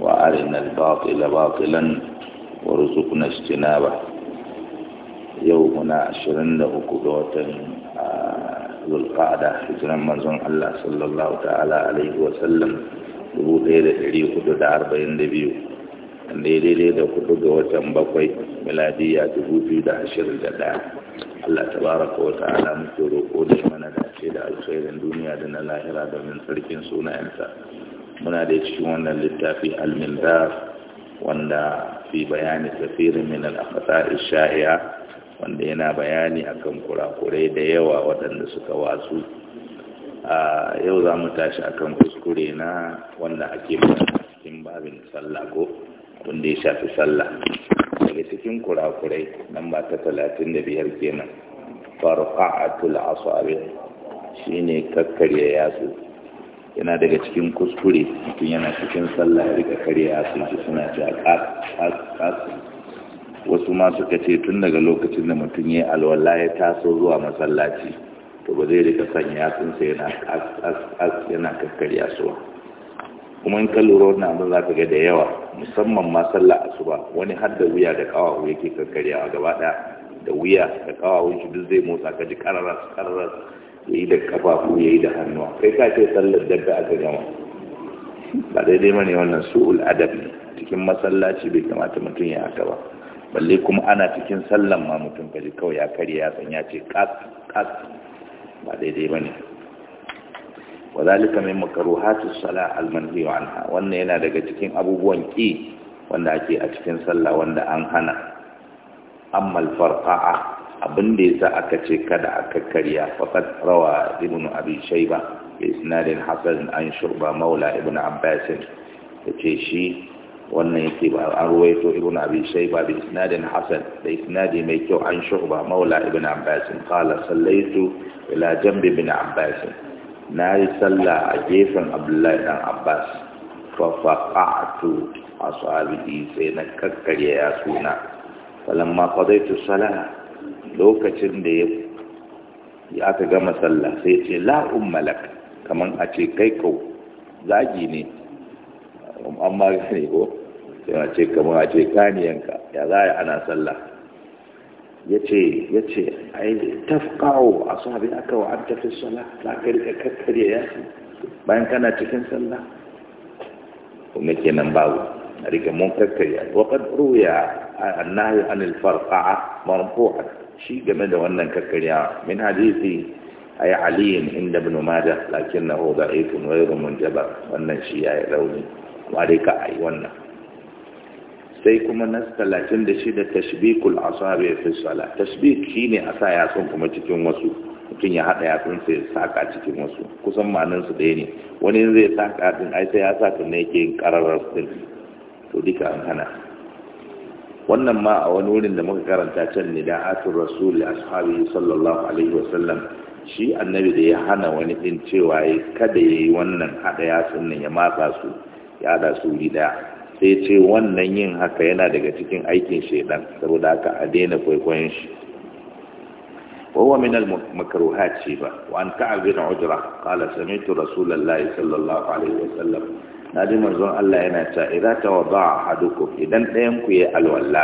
وأرنا الباطل باطلا وارزقنا اجتنابه يومنا عشرين له قدوة ذو القعدة حجرا منزون الله صلى الله تعالى عليه وسلم dubu ɗaya da ɗari hudu da arba'in da biyu daidai da hudu ga watan bakwai miladiya dubu biyu da ashirin da ɗaya Allah ta baraka wa ta'ala muke roƙo da dace da duniya da na lahira domin sarkin sunayensa muna da cikin wannan littafi al wanda fi bayani kafirin min al-akhta'i sha'iya, wanda yana bayani akan kurakurai da yawa waɗanda suka wasu. a yau za mu tashi akan kuskure na wanda ake cikin babin sallah ko wanda ya shafi sallah daga cikin kurakurai nan ba ta 35 kenan farqa'atul asabi shine ya yatsu yana daga cikin kuskure mutum yana cikin sallah ya rika karya sun suna ci a wasu ma suka tun daga lokacin da mutum ya alwala ya taso zuwa masallaci to ba zai rika sanya yatsunsa yana as yana kakkarya su kuma in ka lura wannan abin za ga da yawa musamman ma sallah asuba wani har da wuya da kawawu yake kakkaryawa gaba daya da wuya da kawawun shi duk zai motsa ka ji kararas ya yi da kafafu ya yi da hannuwa kai ka ce sallar dabba aka gama ba daidai mani wannan su'ul adab ne cikin masallaci bai kamata mutum ya haka ba balle kuma ana cikin sallar ma mutum kaji kawai ya karya ya san ya ce kas kas ba daidai bane wa zalika min makaruhatus sala al manhi anha wannan yana daga cikin abubuwan ki wanda ake a cikin sallah wanda an hana amma al abin da yasa aka ce kada aka karya faqad rawa ibnu abi shayba bi isnadin hasan an shurba maula ibnu abbas ce shi wannan yake ba an ruwaito ibn abi shayba bi isnadin Hassan da isnadi mai kyau an shuba maula ibn abbas Kala sallaitu ila jambi ibn abbas na yi sallah a gefen abdullahi dan abbas fa faqatu ashabihi sai na kakkarya ya suna falamma qadaitu salah lokacin da ya aka gama sallah sai ce la'un malak kamar a ce kai kau zagi ne an ma gane ko sai a ce kamar a ce kaniyanka ya za a ana sallah ya ce ya ce a yi tafkawo a sahabi aka wa an tafi sallah za ka rika ya yasi bayan kana cikin sallah kuma kenan babu رجع منكر كيان وقد a النهي anil الفرقعة مرفوعا shi game da wannan kakkarya min hadisi ay aliyin inda ibn majah lakinnahu da'ifun wa mun munjabar wannan shi yayi rauni wa dai ka ai wannan sai kuma nas da tashbikul asabi fi salat tashbik shine asa sa yatsun kuma cikin wasu mutum ya haɗa tsun sai ya saka cikin wasu kusan manan su ɗaya ne wani zai saka din ai sai ya saka ne yake yin kararar din to duka an hana wannan ma a wani wurin da muka karanta can ne da atur rasul ashabi sallallahu alaihi wasallam shi annabi da ya hana wani din cewa ya kada ya yi wannan haɗaya sannan ya matsa su ya su wuri sai ce wannan yin haka yana daga cikin aikin shaidan saboda haka a daina kwaikwayon shi wawa من المكروهات ba ba, كعب بن عجرة قال سمعت رسول الله صلى na ji manzon Allah yana cewa idza tawadda'a hadukum idan ɗayan ku yayi alwala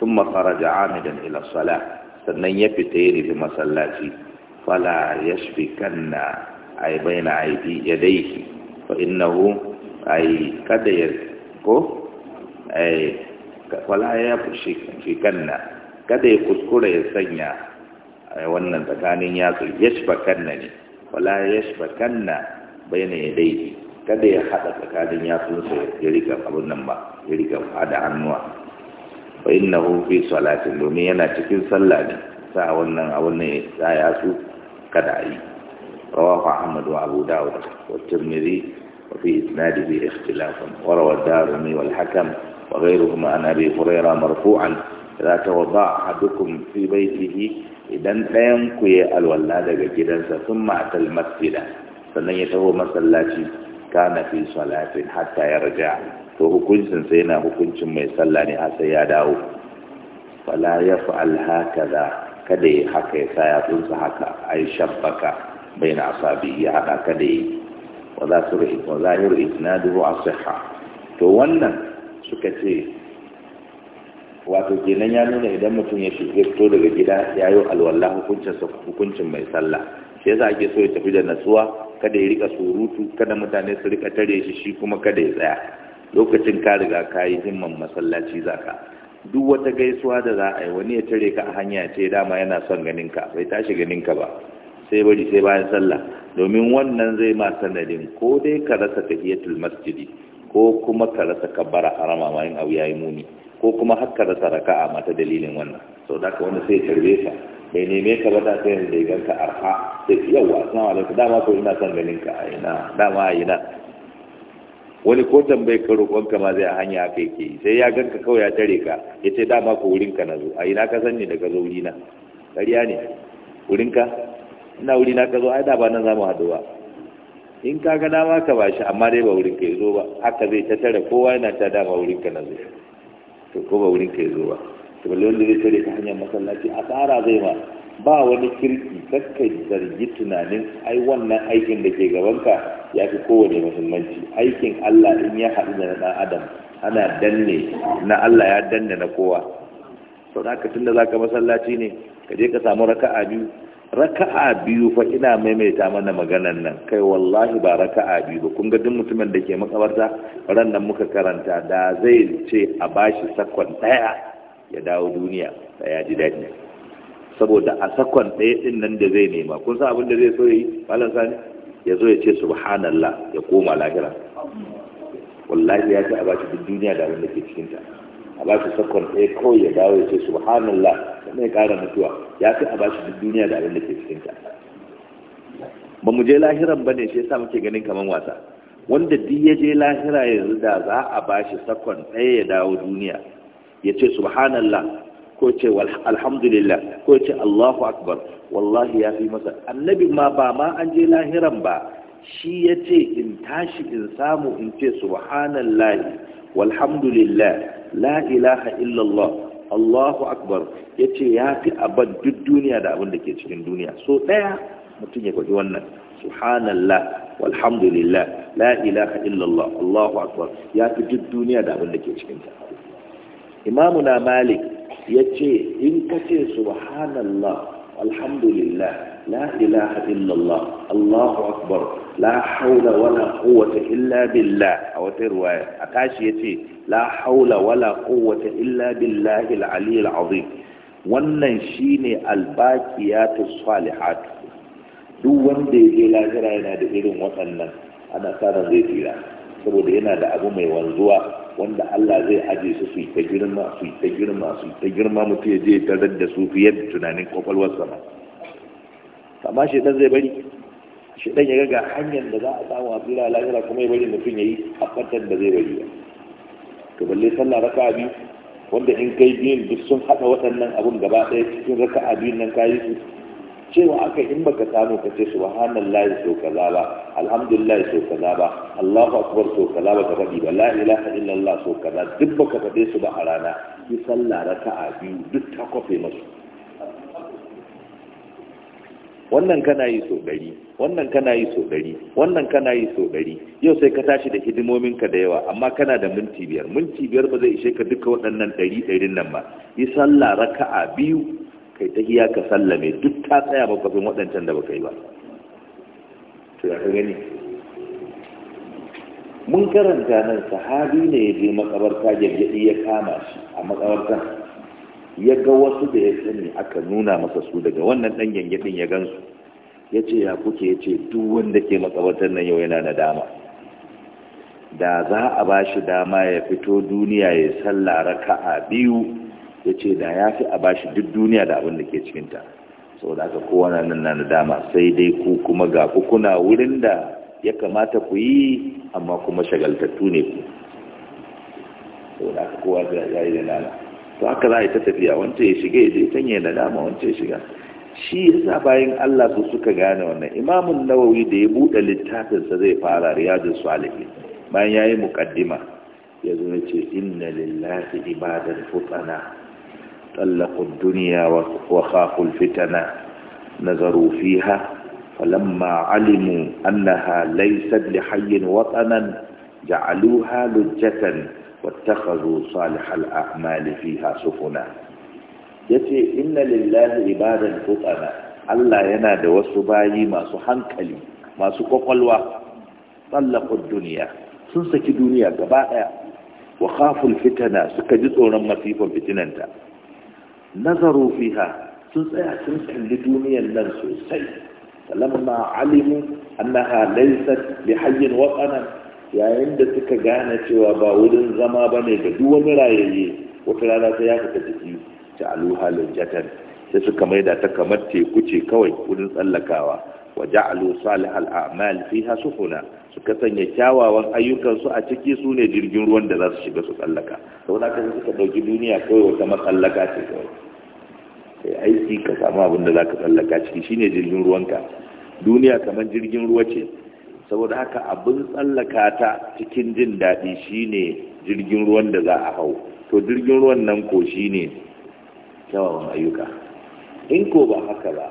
kuma faraja amidan ila salat sannan ya fita yi nufi masallaci fala yashbikanna ay baina aydi yadayhi fa innahu ay kada ya ko ay fala ya kanna kada ya kuskura ya sanya wannan tsakanin yatsu yashbakanna ne fala yashbakanna baina yadayhi kada ya haɗa tsakanin yatsunsa ya rika abin nan ba ya rika fada hannuwa fa innahu fi salatin domin yana cikin sallah ne sa wannan a wannan ya yatsu kada a yi rawahu ahmad wa abu dawud wa tirmidhi wa fi isnadihi ikhtilafan wa rawa ad-darimi wal hakam wa ghayruhuma an abi hurayra marfu'an idza tawadda ahadukum fi baytihi idan ɗayan ku ya alwalla daga gidansa sun ma'atal masjida sannan ya taho masallaci kana fi salatin hatta ya raja to hukuncin sai yana hukuncin mai sallah ne har sai ya dawo wala yaf'al hakaza kada ya haka ya sa ya tsunsa haka ai shabbaka na asabi ya haɗa kada yi wa za su rahi wa na duhu a sihha to wannan suka ce wato kenan ya nuna idan mutum ya shiga fito daga gida ya yi alwala hukuncin mai sallah shi yasa ake so ya tafi da natsuwa kada ya rika surutu kada mutane su rika tare shi shi kuma kada ya tsaya lokacin ka riga ka yi himman masallaci zaka duk wata gaisuwa da za a yi wani ya tare ka a hanya ce dama yana son ganin ka bai tashi ganin ka ba sai bari sai bayan sallah domin wannan zai ma sanadin ko dai ka rasa tahiyatul masjidi ko kuma ka rasa kabbara harama ma yin abu yayi muni ko kuma har ka rasa raka'a mata dalilin wannan sau da ka wanda sai ya tarbe sa bai neme ka ba ta sai da ganka arha sai yawa assalamu alaikum dama ko ina son ganin ka ina dama a ina wani ko tambayi ka roƙonka ma zai a hanya haka yake sai ya ganka kawai ya tare ka ya ce dama ko ka na zo a ina ka san ne da ka zo wurina ƙarya ne ka ina wurina ka zo ai da ba nan za mu haɗu ba in ka ga dama ka bashi amma dai ba ka ya zo ba haka zai ta tare kowa yana ta dama ka na zo to ko ba ka ya zo ba to balle wanda zai tare ta hanyar masallaci a tsara zai ma ba wani kirki kakka zargi tunanin ai wannan aikin da ke gabanka ya fi kowane muhimmanci aikin Allah in ya haɗu da na ɗan adam ana danne na Allah ya danne na kowa sau da aka tunda zaka masallaci ne ka je ka samu raka'a biyu raka'a biyu fa ina maimaita mana maganan nan kai wallahi ba raka'a biyu ba kun ga duk mutumin da ke makabarta ran nan muka karanta da zai ce a bashi sakon ɗaya ya dawo duniya da ya ji daɗi saboda a sakon ɗaya ɗin nan da zai nema kun san abin da zai so yi malam sani ya zo ya ce subhanallah ya koma lahira wallahi ya ce a bashi duk duniya da abin da ke cikinta a bashi sakon ɗaya kawai ya dawo ya ce subhanallah sannan ya ƙara mutuwa ya ce a bashi duk duniya da abin da ke cikinta ba mu je lahiran ba ne shi yasa muke ganin kamar wasa wanda duk ya je lahira yanzu da za a bashi sakon ɗaya ya dawo duniya ya ce subhanallah ko ce alhamdulillah ko ce allahu akbar wallahi ya fi masa annabi ma ba ma an je lahiran ba shi ya ce in tashi in samu in ce subhanallah walhamdulillah la ilaha illallah allahu akbar ya ce ya fi abin duk duniya da abin da ke cikin duniya so ɗaya mutum ya kwaji wannan subhanallah walhamdulillah la ilaha illallah allahu akbar ya fi duk duniya da abin da ke cikinta imamuna malik ya ce in ka ce subhanallah alhamdulillah la ilaha illallah allahu akbar la haula wala quwwata illa billah a wata riwaya a tashi ya ce la haula wala quwwata illa billahi al-ali azim wannan shine albaqiyatu salihat duk wanda ya je lahira yana da irin waɗannan ana sa zai tsira saboda yana da abu mai wanzuwa wanda Allah zai aje su su yi ta girma su yi ta girma su yi ta girma mu ya je ta da su fiye da tunanin kwakwalwar sama amma shi dan zai bari shi dan ya ga hanyar da za a samu a tsira lahira kuma ya bari mutum ya yi a fatan da zai bari ba to balle sallah raka biyu wanda in kai biyun duk sun haɗa waɗannan abun gaba ɗaya cikin raka abin nan kayi su cewa aka in baka samu ka ce subhanallahi so kaza ba alhamdulillah so kaza ba allahu akbar so kaza ba ka faɗi ba la ilaha illallah so kaza duk baka faɗe su ba a rana yi sallah raka'a biyu duk ta kwafe masu wannan kana yi so ɗari wannan kana yi so ɗari wannan kana yi so ɗari yau sai ka tashi da hidimomin ka da yawa amma kana da minti biyar minti biyar ba zai ishe ka duka waɗannan ɗari ɗarin nan ba yi sallah raka'a biyu kai ta iya ka sallame duk ta tsaya makwafin waɗancan da baka yi ba to ya ka gani mun karanta nan sahabi ne ya je makabarta gyaggyaɗi ya kama shi a makabartan ya ga wasu da ya sani aka nuna masa su daga wannan ɗan gyaggyaɗin ya gansu ya ce ya kuke ya ce duk wanda ke makabartar nan yau yana nadama da za a ba shi dama ya fito duniya ya sallah raka'a biyu ya ce da ya fi a bashi duk duniya da abin da ke cikinta da aka kowane nan na nadama sai dai ku kuma ga kuna wurin da ya kamata ku yi amma kuma shagaltattu ne ku sau da aka kowa da ya yi da lala to haka za a yi ta tafiya wanta ya shiga ya je tanye da nadama wanta ya shiga shi ya sa bayan Allah su suka gane wannan imamun nawawi da ya buɗe littafinsa zai fara riyadun salihin bayan yayi mukaddima ya zo ce inna lillahi ibadar futana طلقوا الدنيا وخافوا الفتنة نظروا فيها فلما علموا أنها ليست لحي وطنا جعلوها لجة واتخذوا صالح الأعمال فيها سفنا yace inna lillahi ibadan futana Allah yana da wasu bayi masu hankali masu kwakwalwa tsallakun duniya sun saki duniya gaba daya wa khaful fitana suka ji tsoron masifan fitinanta nazaru fiha sun tsaya sun kalli duniyar nan sosai falamma alimu annaha laysat bihayyin waqanan yayin da suka gane cewa ba wurin zama bane ga duk wani rayayye wata rana sai ya fita jiki ta aluha lajatan sai suka maida ta kamar teku ce kawai wurin tsallakawa wa ja'alu salihal a'mal fiha sufuna ka sanya kyawawan ayyukansu a ciki su ne jirgin ruwan da za su shiga su tsallaka sau da kasance suka ɗauki duniya kawai wata matsallaka ce kawai kai aiki ka samu abin da za ka tsallaka ciki shi ne jirgin ruwanka duniya kamar jirgin ruwa ce saboda haka abin tsallaka ta cikin jin daɗi shi ne jirgin ruwan da za a hau to jirgin ruwan nan ko shi ne kyawawan ayyuka in ko ba haka ba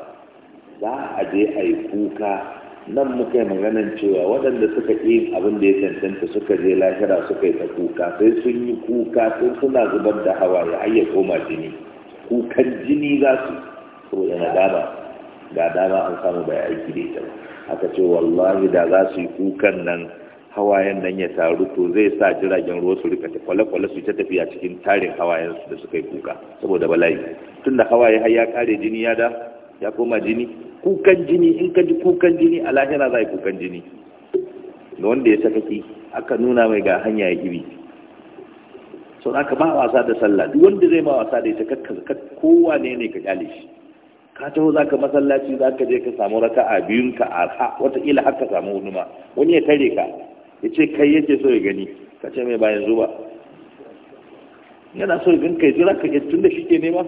za a je a yi kuka nan muka yi maganin cewa waɗanda suka ƙi abin da ya cancanta suka je lahira suka yi ta kuka sai sun yi kuka sai suna zubar da hawa ya ayya koma jini kukan jini za su so na dama ga dama an samu bai aiki da ita aka ce wallahi da za su yi kukan nan hawayen nan ya taru to zai sa jiragen ruwa su rika kwale-kwale su ta tafiya cikin tarin hawayen su da suka yi kuka saboda bala'i tunda hawaye har ya kare jini ya da ya koma jini kukan jini in ka ji kukan jini a lahira za a yi kukan jini da wanda ya sakaki aka nuna mai ga hanya ya gibi sau aka ba wasa da sallah duk wanda zai ma wasa da ita kakka kowa ne ne ka kyale shi ka taho za ka masallaci za ka je ka samu raka a biyun ka a wataƙila har ka samu huduma wani ya tare ka ya ce kai yake so ya gani ka ce mai bayan zuba yana so ya gan kai jira ka tun da shi ke nema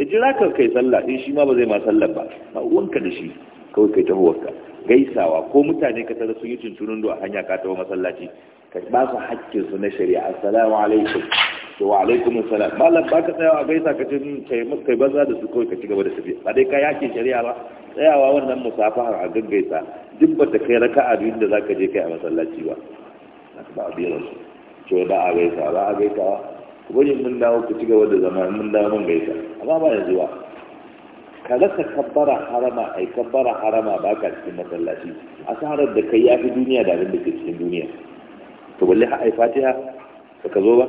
ya jira ka kai sallah in shi ma ba zai ma sallah ba ba uwanka da shi kawai kai tahowarka gaisawa ko mutane ka tara sun yi cintunan a hanya ka taho masallaci ka ba su haƙƙin su na shari'a assalamu alaikum to wa alaikum assalam malam ba ka tsayawa gaisa ka tun hmm, kai banza da su kawai ka ci gaba da tafiya ba dai ka yake shari'a ba tsayawa wannan musafahar a gaggaisa duk ba ta kai raka'a biyun da zaka je kai a masallaci ba ba a biyar su to ba a gaisa ba a gaisawa ku mun dawo ku ci gaba da zama mun dawo mun gaisa amma ba yanzu ba ka rasa kabbara harama ai kabbara harama ba ka cikin masallaci a saharar da kai ya fi duniya da abin da ke cikin duniya to balle ha ai fatiha ka zo ba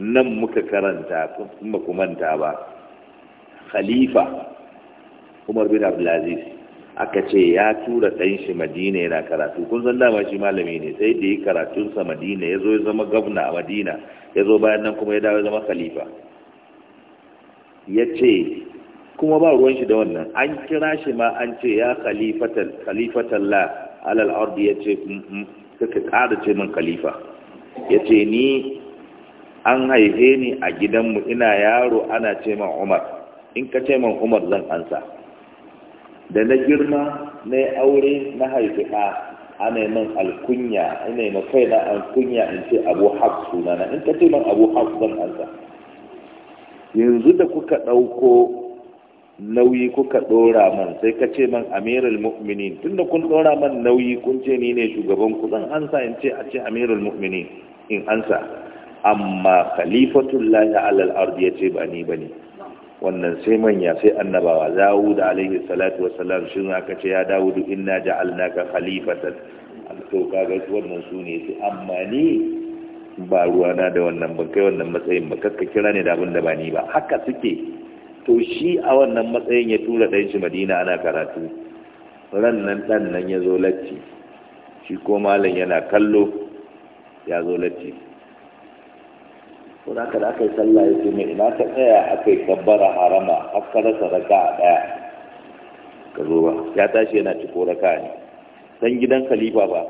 nan muka karanta kuma kuma manta ba khalifa umar bin abdulaziz aka ce ya tura ɗan shi madina yana karatu kun san dama shi malami ne sai da yi karatunsa madina ya zo ya zama gwamna a madina ya zo bayan nan kuma ya dawo zama khalifa ya ce kuma ba ruwan shi da wannan an kira shi ma an ce ya khalifatan la alal ardi ya ce kuka mm, mm, ƙara ce min khalifa ya ce ni an haife ni a gidanmu ina yaro ana ce min umar in ka ce min umar zan ansa da na girma na aure na haifi ɗa ana yi min alkunya ina yi kai na alkunya in ce abu haf sunana in ka ce min abu haf zan ansa yanzu da kuka ɗauko nauyi kuka ɗora man sai ka ce man amirul mu'minin tunda kun ɗora man nauyi kun ce ni ne shugaban ku zan ansa in ce a ce amirul mu'minin in ansa amma khalifatullahi alal ardi ya ce ba ni ba ne wannan sai manya sai annabawa dawud alaihi salatu wassalam shi ne aka ce ya dawudu inna ja'alnaka khalifatan to kaga wannan su ne amma ni ba ruwa na da wannan ban kai wannan matsayin ba kakka kira ne da abin da ba ni ba haka suke to shi a wannan matsayin ya tura ɗan shi madina ana karatu ran nan ɗan nan ya zo latti shi ko malam yana kallo ya zo latti kuna ka da aka yi sallah ya ce mai ina ka tsaya aka yi tabbara harama har ka rasa raka a ɗaya ka zo ba ya tashi yana ciko raka ne san gidan khalifa ba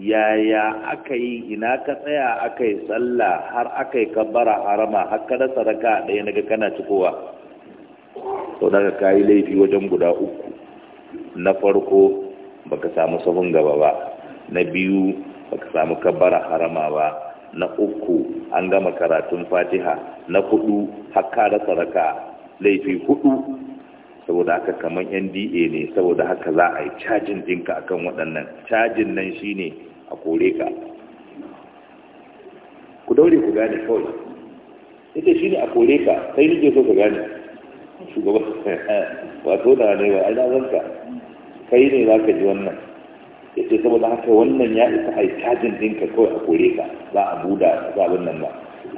yaya aka yi ina ka tsaya aka yi sallah har aka yi tabbara harama har ka rasa raka ɗaya naga kana cikowa sau daga kayi laifi wajen guda uku na farko baka samu sahun gaba ba na biyu baka samu kabbara harama ba na uku an gama karatun fatiha na hudu hakka da saraka laifi hudu saboda haka kamar nda ne saboda haka za a yi cajin dinka akan waɗannan cajin nan shine a kore ka ku daure ku gane kawai ita shi ne a kore ka sai nake so ka gane shugaban wato da ne ba ai na zanka kai ne za ka ji wannan Yace saboda haka wannan ya isa aikajin dinka kawai a kore ka za a buda zaɓin nan ba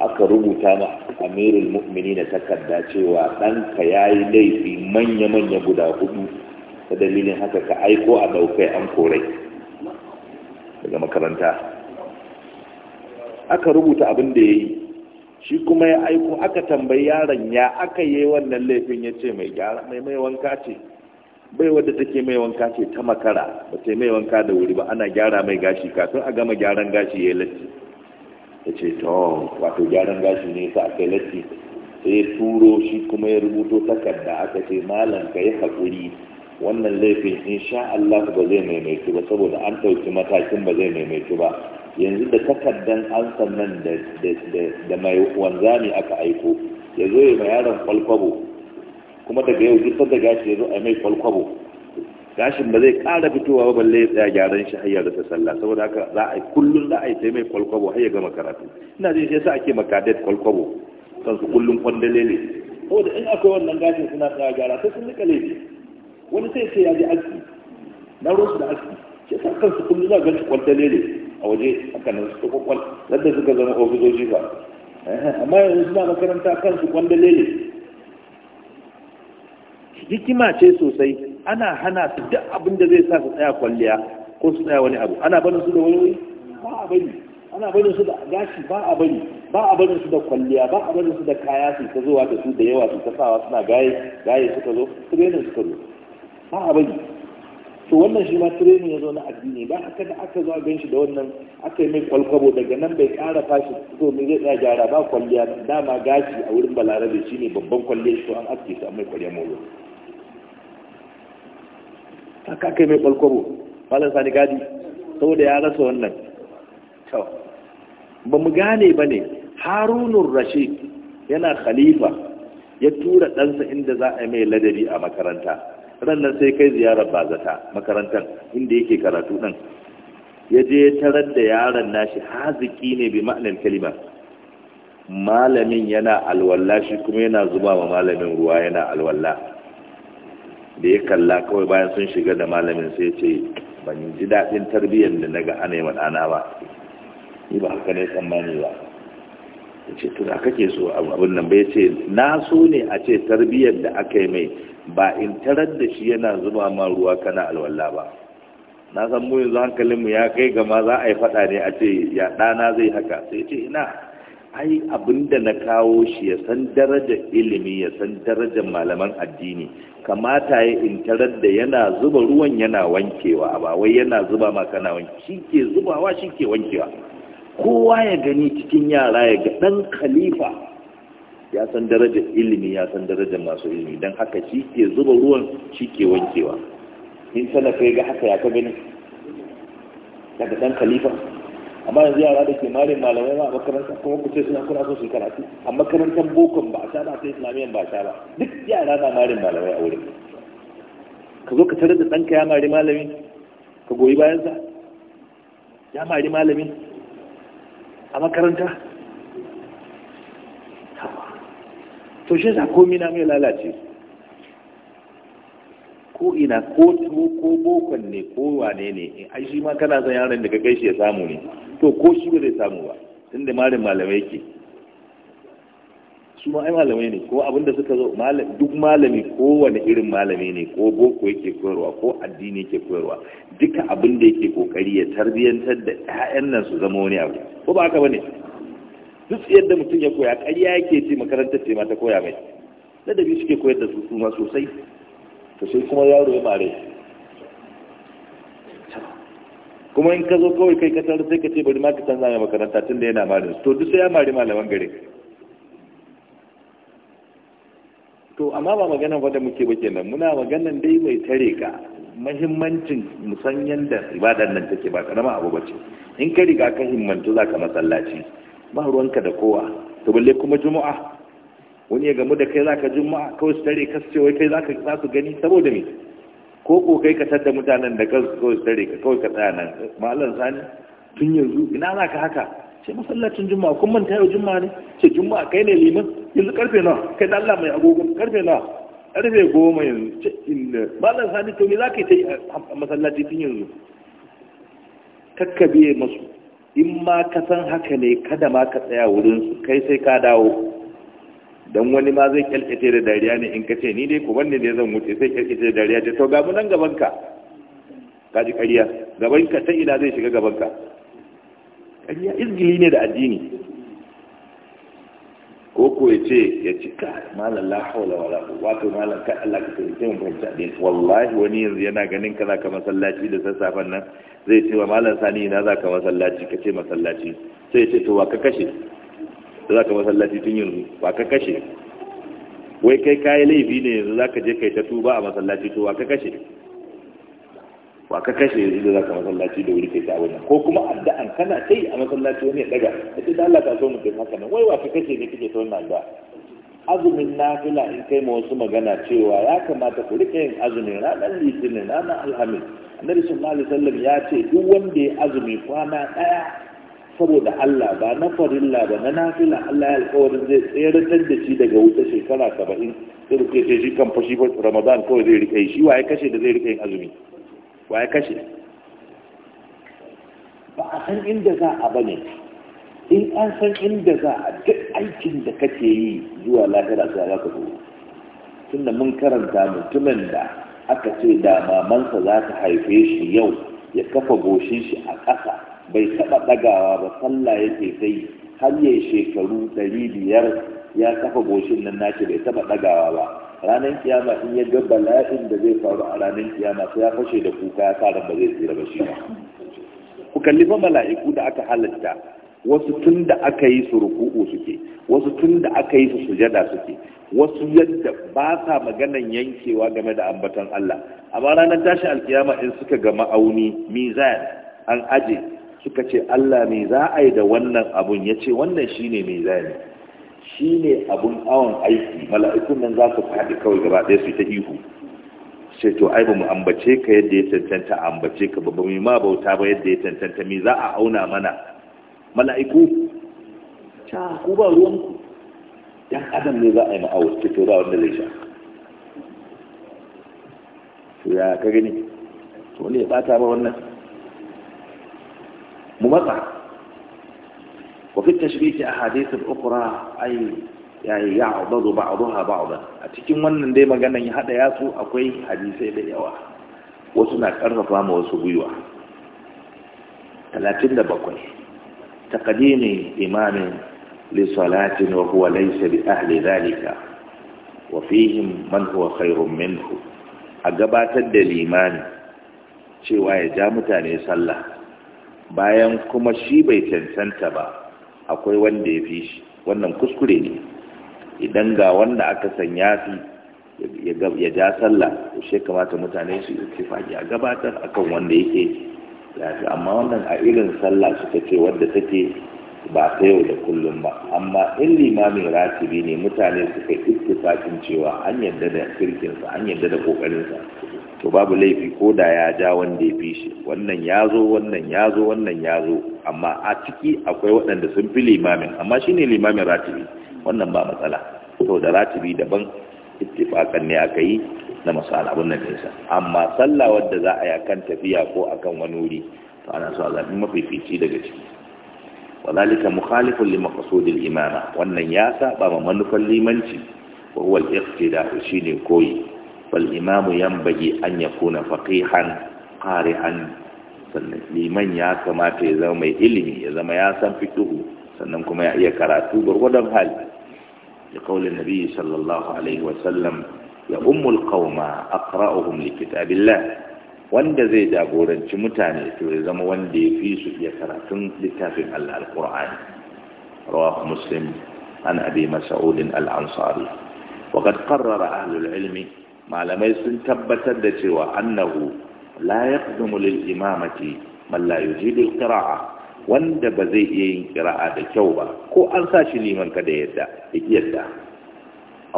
aka rubuta ma amirul mu'mini na takarda cewa ɗanka ya yi laifi manya-manya guda hudu ta dalilin haka ka aiko a ɗaukai an korai daga makaranta aka rubuta abin da ya yi shi kuma ya aiko aka tambayi yaron ya aka yi wannan laifin ya ce mai mai wanka ce bai wadda take mai wanka ce ta makara ba sai mai wanka da wuri ba ana gyara mai gashi kafin a gama gyaran gashi ya latti ya ce to wato gyaran gashi ne sa aka latti sai ya turo shi kuma ya rubuto takarda aka ce malam ka yi haƙuri wannan laifin insha Allah ba zai maimaitu ba saboda an ɗauki matakin ba zai maimaitu ba yanzu da takardan an sannan da mai wanzami aka aiko ya zo ya ma yaron kwalkwabo kuma daga yau duk da gashi ya zo a mai kwalkwabo gashin ba zai kara fitowa ba balle ya tsaya gyaran shi hayar da ta sallah saboda haka za a kullum za a yi ta mai kwalkwabo har ya gama karatu ina jin shi yasa ake makadet kwalkwabo kansu kullum kwandale ne saboda in akwai wannan gashin suna tsaya gyara sai sun nika laifi wani sai ce ya ji aski na ruwansu da aski shi yasa kansu kullum za a ganci kwandale ne a waje haka nan su kwakwal yadda suka zama ofisoshi ba amma yanzu suna makaranta kansu kwandale ne hikima ce sosai ana hana su duk abin da zai sa su tsaya kwalliya ko su tsaya wani abu ana barin su da wani ba a bari ana barin su da gashi ba a bari ba a barin su da kwalliya ba a barin su da kaya su ta zuwa da su da yawa su ta sawa suna gaye gaye suka zo su suka zo ba a bari to wannan shi ma training ya zo na addini ba haka da aka zo a gan shi da wannan aka yi mai kwalkwabo daga nan bai kara fashi to me zai tsaya gyara ba kwalliya dama gashi a wurin balarabe shine babban kwalliya shi to an aske su an mai kwalliya mawuyi ta kakai mai kwalkwabo malam sani gadi saboda ya rasa wannan kyau ba mu gane ba ne harunun rashid yana khalifa ya tura ɗansa inda za a mai ladabi a makaranta rannan sai kai ziyarar bazata makarantar inda yake karatu ɗan ya je tarar da yaron nashi haziki ne bi ma'anar kalima malamin yana alwallashi kuma yana zuba wa malamin ruwa yana alwalla da ya kalla kawai bayan sun shiga da malamin sai ce ban ji daɗin tarbiyyar da na ga ana yi ɗana ba ni ba haka ne tsammani ba ya ce tun aka ke so abin nan bai ce na so ne a ce tarbiyyar da aka yi mai ba in tarar da shi yana zuba ma ruwa kana alwallah ba na san mu yanzu hankalinmu ya kai gama za a yi faɗa ne a ce ya ɗana zai haka sai ce ina ai abinda na kawo shi ya san darajar ilimi ya san darajar malaman addini kamata ya intarar da yana zuba ruwan yana wankewa ba wai yana zuba ma kana wanke shi ke zubawa shi ke wankewa kowa ya gani cikin yara ya ga ɗan khalifa ya san darajar ilimi ya san darajar masu ilimi don haka shi ke zuba ruwan shi ke wankewa in sanaka kai ga haka ya ka gani daga ɗan khalifa amma yanzu yara da ke mare malamai ba a makaranta kuma ku ce suna kuna so su karatu a makarantar bokon ba a sha ba ta islamiyyar ba a sha ba duk yara na mare malamai a wurin ka zo ka tarar da ɗanka ya mare malami ka goyi bayansa ya mare malami a makaranta to shi sa komi na mai lalace ko ina ko tu ko bokon ne ko wane ne ai shi ma kana son yaron da ka kai shi ya samu ne to ko shi ba zai samu ba tunda malam malamai ke su ma ai malamai ne ko abinda suka zo duk malami ko wani irin malami ne ko boko yake koyarwa ko addini yake koyarwa duka abinda yake kokari ya tarbiyantar da 'ya'yan nan su zama wani abu ko ba haka bane duk yadda mutum ya koya ƙarya yake ce makarantar ce ma ta koya mai ladabi suke koyar da su kuma sosai to sai kuma yaro ya mare kuma in ka zo kawai kai kasar sai ka ce bari ma ka canza mai makaranta tun da yana mare to duk sai ya mare malaman gare to amma ba maganan wadda muke ba kenan muna maganan dai mai tare ka mahimmancin musanyen da ibadar nan take ba karama abu ba ce in ka riga ka himmantu za ka masallaci ba ruwanka da kowa to balle kuma juma'a wani ya gamu da kai za ka juma'a kawai su tare ka ce wai kai zaka za su gani saboda mai ko ko kai ka tada mutanen da kansu kawai su tare ka kawai ka tsaya nan malam sani tun yanzu ina za ka haka ce masallacin juma'a kun manta yau juma'a ne ce juma'a kai ne liman yanzu karfe nawa kai da Allah mai agogo karfe nawa karfe goma yanzu ce inda malam sani to me ka yi a masallaci tun yanzu kakkabe masu in ma ka san haka ne kada ma ka tsaya wurin su kai sai ka dawo dan wani ma zai kyalkyace da dariya ne in ka ce ni dai ku wanne ne zan wuce sai kyalkyace da dariya ce to ga mu nan gaban ka ka ji ƙarya gaban ka ta ina zai shiga gaban ka ƙarya izgili ne da addini ko ko ya ce ya ci ka malam la haula wala wato malam ka Allah ka kai sai mun fahimta din wallahi wani yanzu yana ganin ka zaka masallaci da sassafen nan zai ce wa malan sani ina zaka masallaci ka ce masallaci sai ya ce to wa ka kashe za ka masallaci tun yanzu ba ka kashe wai kai kayi laifi ne yanzu za ka je kai ta tuba a masallaci to ba ka kashe ba ka kashe yanzu da za ka masallaci da wuri kai ta abin ko kuma addu'an kana kai a masallaci wani ya daga a ce dala Allah ka so mutum haka nan wai wa ka kashe ne kike ta wannan ba. azumin fila in kai ma wasu magana cewa ya kamata ku rika yin azumin ranar litinin ranar alhamis annabi sallallahu alaihi wasallam ya ce duk wanda ya azumi kwana daya saboda Allah ba na farilla ba na nafila Allah ya alƙawarin zai tseratar da shi daga wuta shekara saba'in sai rufe kai shi kan fashi ramadan kawai zai rike shi waye kashe da zai rike yin azumi waye kashe ba a san inda za a bane in an san inda za a duk aikin da kake yi zuwa lahira sai za ka zo tunda mun karanta mutumin da aka ce da mamansa za ta haife shi yau ya kafa goshin shi a ƙasa bai taɓa ɗagawa ba sallah yake sai har yayi shekaru ɗari biyar ya kafa goshin nan nake bai taɓa ɗagawa ba ranar kiyama in ya ga bala'in da zai faru a ranar kiyama sai ya fashe da kuka ya sa ba zai tsira ba shi ba ku kalli fa mala'iku da aka halatta wasu tun da aka yi su ruku'u suke wasu tun da aka yi su sujada suke wasu yadda ba sa maganan yankewa game da ambaton Allah amma ranar tashi alkiyama in suka ga ma'auni mizan an aje suka ce Allah me za a yi da wannan abun ya ce wannan shi ne mai zani shi ne abun awon aiki mala'ikun nan za su faɗi kawai gaba ɗaya su ta ihu sai to ai ba mu ambace ka yadda ya tantanta ambace ka ba ba mu ma bauta ba yadda ya tantanta me za a auna mana mala'iku ta ku ba ruwanku dan adam ne za a yi ma'awar ta to ba wanda zai sha to ya ka gani to ne ya ɓata ba wannan ممتع وفي التشبيه احاديث اخرى اي yayi ya abadu ba'daha ba'da a cikin wannan dai maganan ya haɗa yatsu akwai hadisai da yawa wasu na karfafa ma wasu guyuwa 37 taqdimi imamin li salatin wa huwa laysa bi ahli zalika wa fihim man huwa khairun minhu a gabatar da limani cewa ya ja mutane sallah bayan kuma shi bai cancanta ba akwai wanda ya fi shi wannan kuskure ne idan ga wanda aka sanya fi ya ja sallah ko shi kamata mutane su ittifaki a gabatar akan wanda yake ya fi amma wannan a irin sallah suka ce wadda take ba ta yau da kullum ba amma in limamin ratibi ne mutane suka ittifakin cewa an yadda da kirkinsa an yadda da kokarinsa to babu laifi ko da ya ja wanda ya fi shi wannan ya zo wannan ya zo wannan ya zo amma a ciki akwai waɗanda sun fi limamin amma shi ne limamin ratibi wannan ba matsala to da ratibi daban ittifakan ne aka yi na masala abin nan amma sallah wadda za a yi akan tafiya ko akan wani wuri to ana so a zaɓi mafifici daga ciki wadalika mukhalifun li maqsudil imama wannan ya saɓa ma manufan limanci wa huwa shi shine koyi wal imamu yanbaghi an yakuna faqihan qari'an sannan liman ya kamata ya zama mai ilimi ya zama ya san fiqhu sannan kuma ya iya karatu gurgudan hali da kaulin nabi sallallahu alaihi wa sallam ya ummul qauma aqra'uhum li kitabillah wanda zai jagoranci mutane to ya zama wanda ya fi su iya karatun littafin Allah alqur'ani rawahu muslim an abi mas'ud al-ansari وقد قرر أهل العلم malamai sun tabbatar da cewa annahu la yaqdumu lil imamati man la yujidu qira'a wanda ba zai iya yin qira'a da kyau ba ko an sa shi liman ka da yadda yadda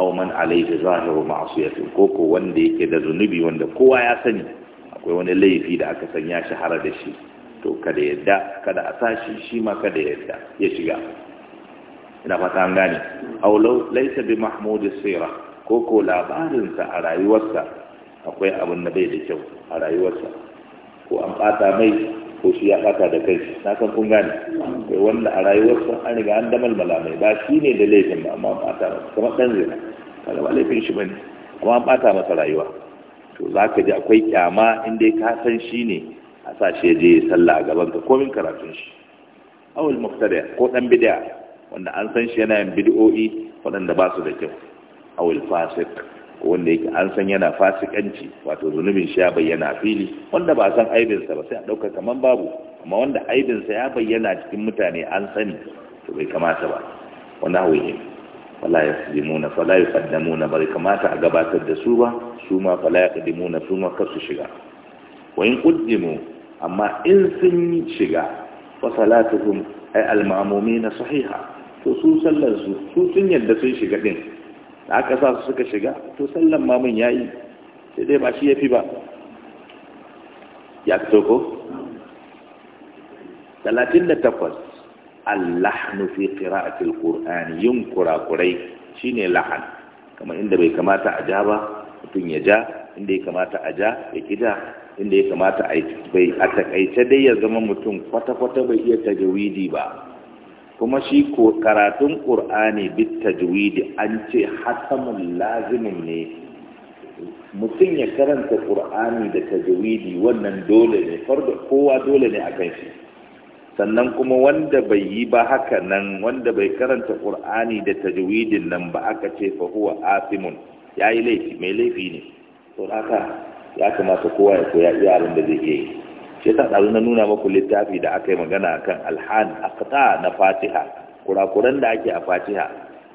aw man alayhi zahiru ma'siyatin ko ko wanda yake da zunubi wanda kowa ya sani akwai wani laifi da aka san ya shahara da shi to kada yadda kada a sa shi ma kada yadda ya shiga ina fata an gane aw law laysa bi mahmud sirah ko ko labarinsa a rayuwarsa akwai abin da bai da kyau a rayuwarsa ko an ɓata mai ko shi ya ɓata da kai na san kun gane kai wanda a rayuwarsa an riga an damal malamai ba shi ne da laifin ba amma ɓata masa kamar ɗan zina kaga ba laifin shi bane amma an ɓata masa rayuwa to zaka ka ji akwai kyama in dai ka san shi ne a sa shi je sallah a gaban ka komin karatun shi awul muftariya ko ɗan bid'a wanda an san shi yana yin bid'o'i waɗanda ba su da kyau awil fasik wanda yake an san yana fasikanci wato zunubin shi ya bayyana fili wanda ba san aibinsa ba sai a ɗauka kamar babu amma wanda aibinsa ya bayyana cikin mutane an sani to bai kamata ba wannan hawaye fala ya kadimuna fala ya kaddamuna bai kamata a gabatar da su ba su ma fala ya kadimuna su ma kar su shiga wa in amma in sun shiga fa salatuhum ay almamomi na sahiha to su sallar su su sun yadda sun shiga din da aka sa su suka shiga to sallan mamun ya yi sai dai ba shi ya fi ba ya fito ko? Allah nufi kira a qur'ani yin kurakurai shine lahan kamar inda bai kamata a ja ba mutum ya ja inda ya kamata a ja ya kida inda ya kamata a bai a takaice dai ya zama mutum kwata-kwata bai iya tajawidi ba kuma shi karatun ƙur'ani bit tajwidi an ce hasamun lazimin ne mutum ya karanta ƙur'ani da tajwidi wannan dole ne kowa dole ne a kan shi sannan kuma wanda bai yi ba haka nan wanda bai karanta ƙur'ani da tajwidin nan ba aka ce fa huwa asimun ya yi laifi mai laifi ne to haka ya kamata kowa ya koya iya abin da zai iya yi shi ta ɗaru na nuna maku littafi da aka yi magana kan alhan akata na fatiha kurakuran da ake a fatiha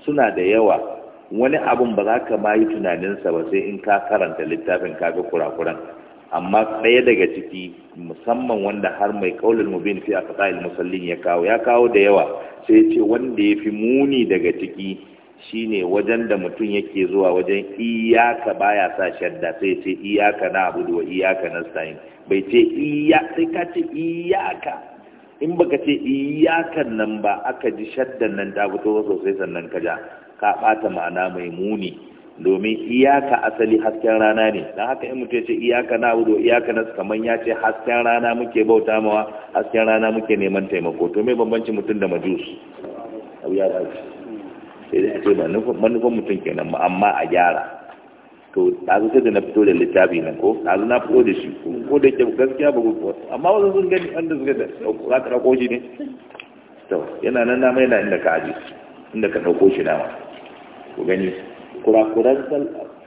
suna da yawa wani abun ba za ka ma yi tunaninsa ba sai in ka karanta littafin ka kurakuran amma ɗaya daga ciki musamman wanda har mai kaulin mubin fi a fasahil musallin ya kawo ya kawo da yawa sai ce wanda ya fi muni daga ciki shine wajen da mutum yake zuwa wajen iyaka baya sa shadda sai ce iyaka na abudu wa iyaka na nasta'in bai ce iyaka sai ka ce iyaka in baka ce iyakan nan ba aka ji shaddan nan ta fito sosai sannan kaja ka bata ma'ana mai muni domin iyaka asali hasken rana ne don haka in mutum ya ce iyaka na abudu wa iyaka na kaman ya ce hasken rana muke bauta mawa hasken rana muke neman taimako to me bambanci mutum da majus sai dai a ce manufan mutum kenan ma amma a gyara to ɗazu sai da na fito da littafi nan ko ɗazu na fito da shi ko da ke gaskiya ba gudu amma wasu sun gani wanda suka da za ka ɗauko shi ne to yana nan na mai na inda ka aji inda ka ɗauko shi nama ku gani kurakuran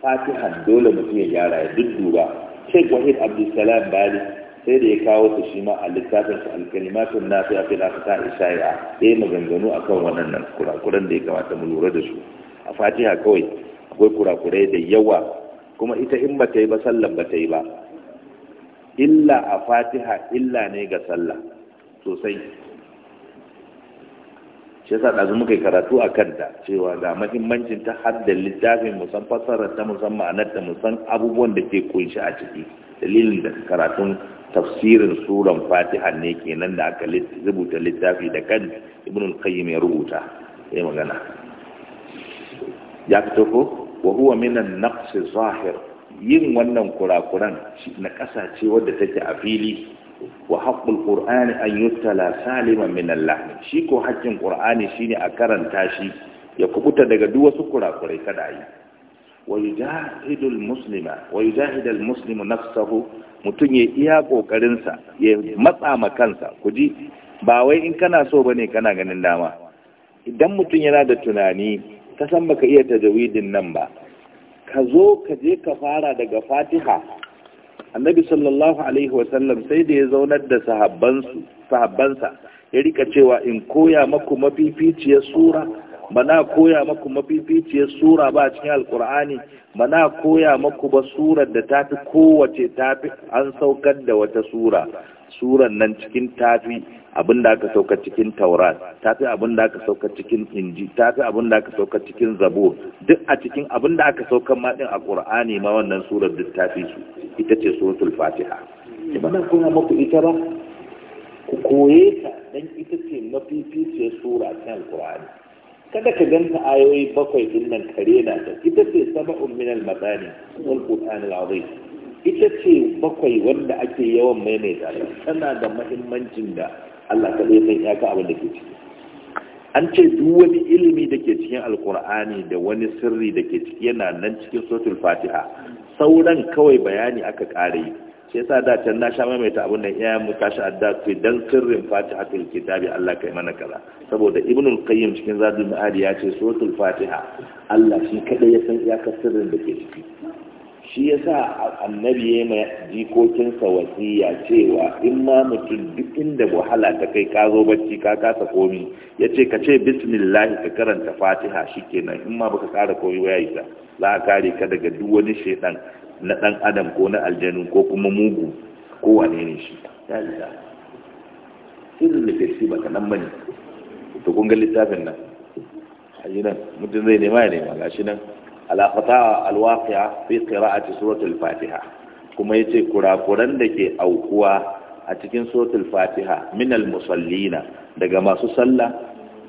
fatihan dole mutum ya gyara ya dudduba sai wahid abdulsalam bali sai da ya kawo su shi ma a littafin su alkalimatun na fi afi na yi a ɗaya maganganu a kan waɗannan kurakuran da ya kamata mu lura da su a fatiha kawai akwai kurakurai da yawa kuma ita in bata yi ba sallan bata yi ba illa a fatiha illa ne ga sallah sosai shi yasa ɗazu muka yi karatu a kanta cewa ga mahimmancin ta haddar littafin musan fassarar ta musan ma'anar ta musan abubuwan da ke kunshi a ciki dalilin da karatun tafsirin suran fatiha ne kenan da aka rubuta littafi da kan ibn qayyim ya rubuta ya magana ya fito ko wa huwa min an-naqs zahir yin wannan kurakuran na ƙasa ce wadda take a fili wa haqqul qur'ani an yuttala saliman min Allah shi ko haƙƙin qur'ani shine a karanta shi ya kubuta daga duk wasu kurakurai kada yi ويجاهد المسلم ويجاهد المسلم نفسه mutum ya iya ƙoƙarinsa ya matsa ma kansa kuji ba wai in kana so bane kana ganin dama idan mutum yana da tunani ka san baka iya tajawidin nan ba ka zo ka je ka fara daga fatiha annabi sallallahu alaihi wasallam sai da ya zaunar da sahabbansa ya rika cewa in koya maku mafificiyar sura mana koya maku mafificiyar sura ba a cikin alkur'ani mana koya maku ba surar da tafi kowace tafi an saukar da wata sura surar nan cikin tafi abin da aka sauka cikin taurat tafi abin da aka sauka cikin inji tafi abin da aka sauka cikin zabo. duk a cikin abin da aka sauka ma din a qur'ani ma wannan surar duk tafi su ita ce suratul fatiha mana koya maku ita ba ku koye ta dan ita ce mafificiyar sura cikin alkur'ani kada ka ganta ayoyi bakwai din nan kare na ta ita ce sama min al wal qur'an al-azim ita ce bakwai wanda ake yawan maimaita ta tana da muhimmancin da Allah ka zai san yaka abin da ke ciki an ce duk wani ilimi da ke cikin alkur'ani da wani sirri da ke ciki yana nan cikin suratul fatiha sauran kawai bayani aka kare yi shi yasa da can na sha maimaita abin da iyayen mu tashi adda ku dan sirrin fatiha fil kitabi Allah kai mana kaza saboda ibnul qayyim cikin zadu ma'adi ya ce suratul fatiha Allah shi kadai ya san iyakar sirrin da ke ciki shi yasa annabi ya mai jikokinsa wasiya cewa in ma mutum duk inda wahala ta kai ka zo bacci ka kasa komi yace ce ka ce bismillah ka karanta fatiha shikenan in ma baka kara komi ba ya yi za a kare ka daga duk wani shaidan na ɗan adam ko na aljanu ko kuma mugu ko wane ne shi ya isa irin da fesi ba kaɗan ba ne to kun littafin nan a nan mutum zai nema ya nema gashi nan alaƙata alwaƙiya fi qira'ati suratul fatiha kuma yace kurakuran da ke aukuwa a cikin suratul fatiha minal musallina daga masu sallah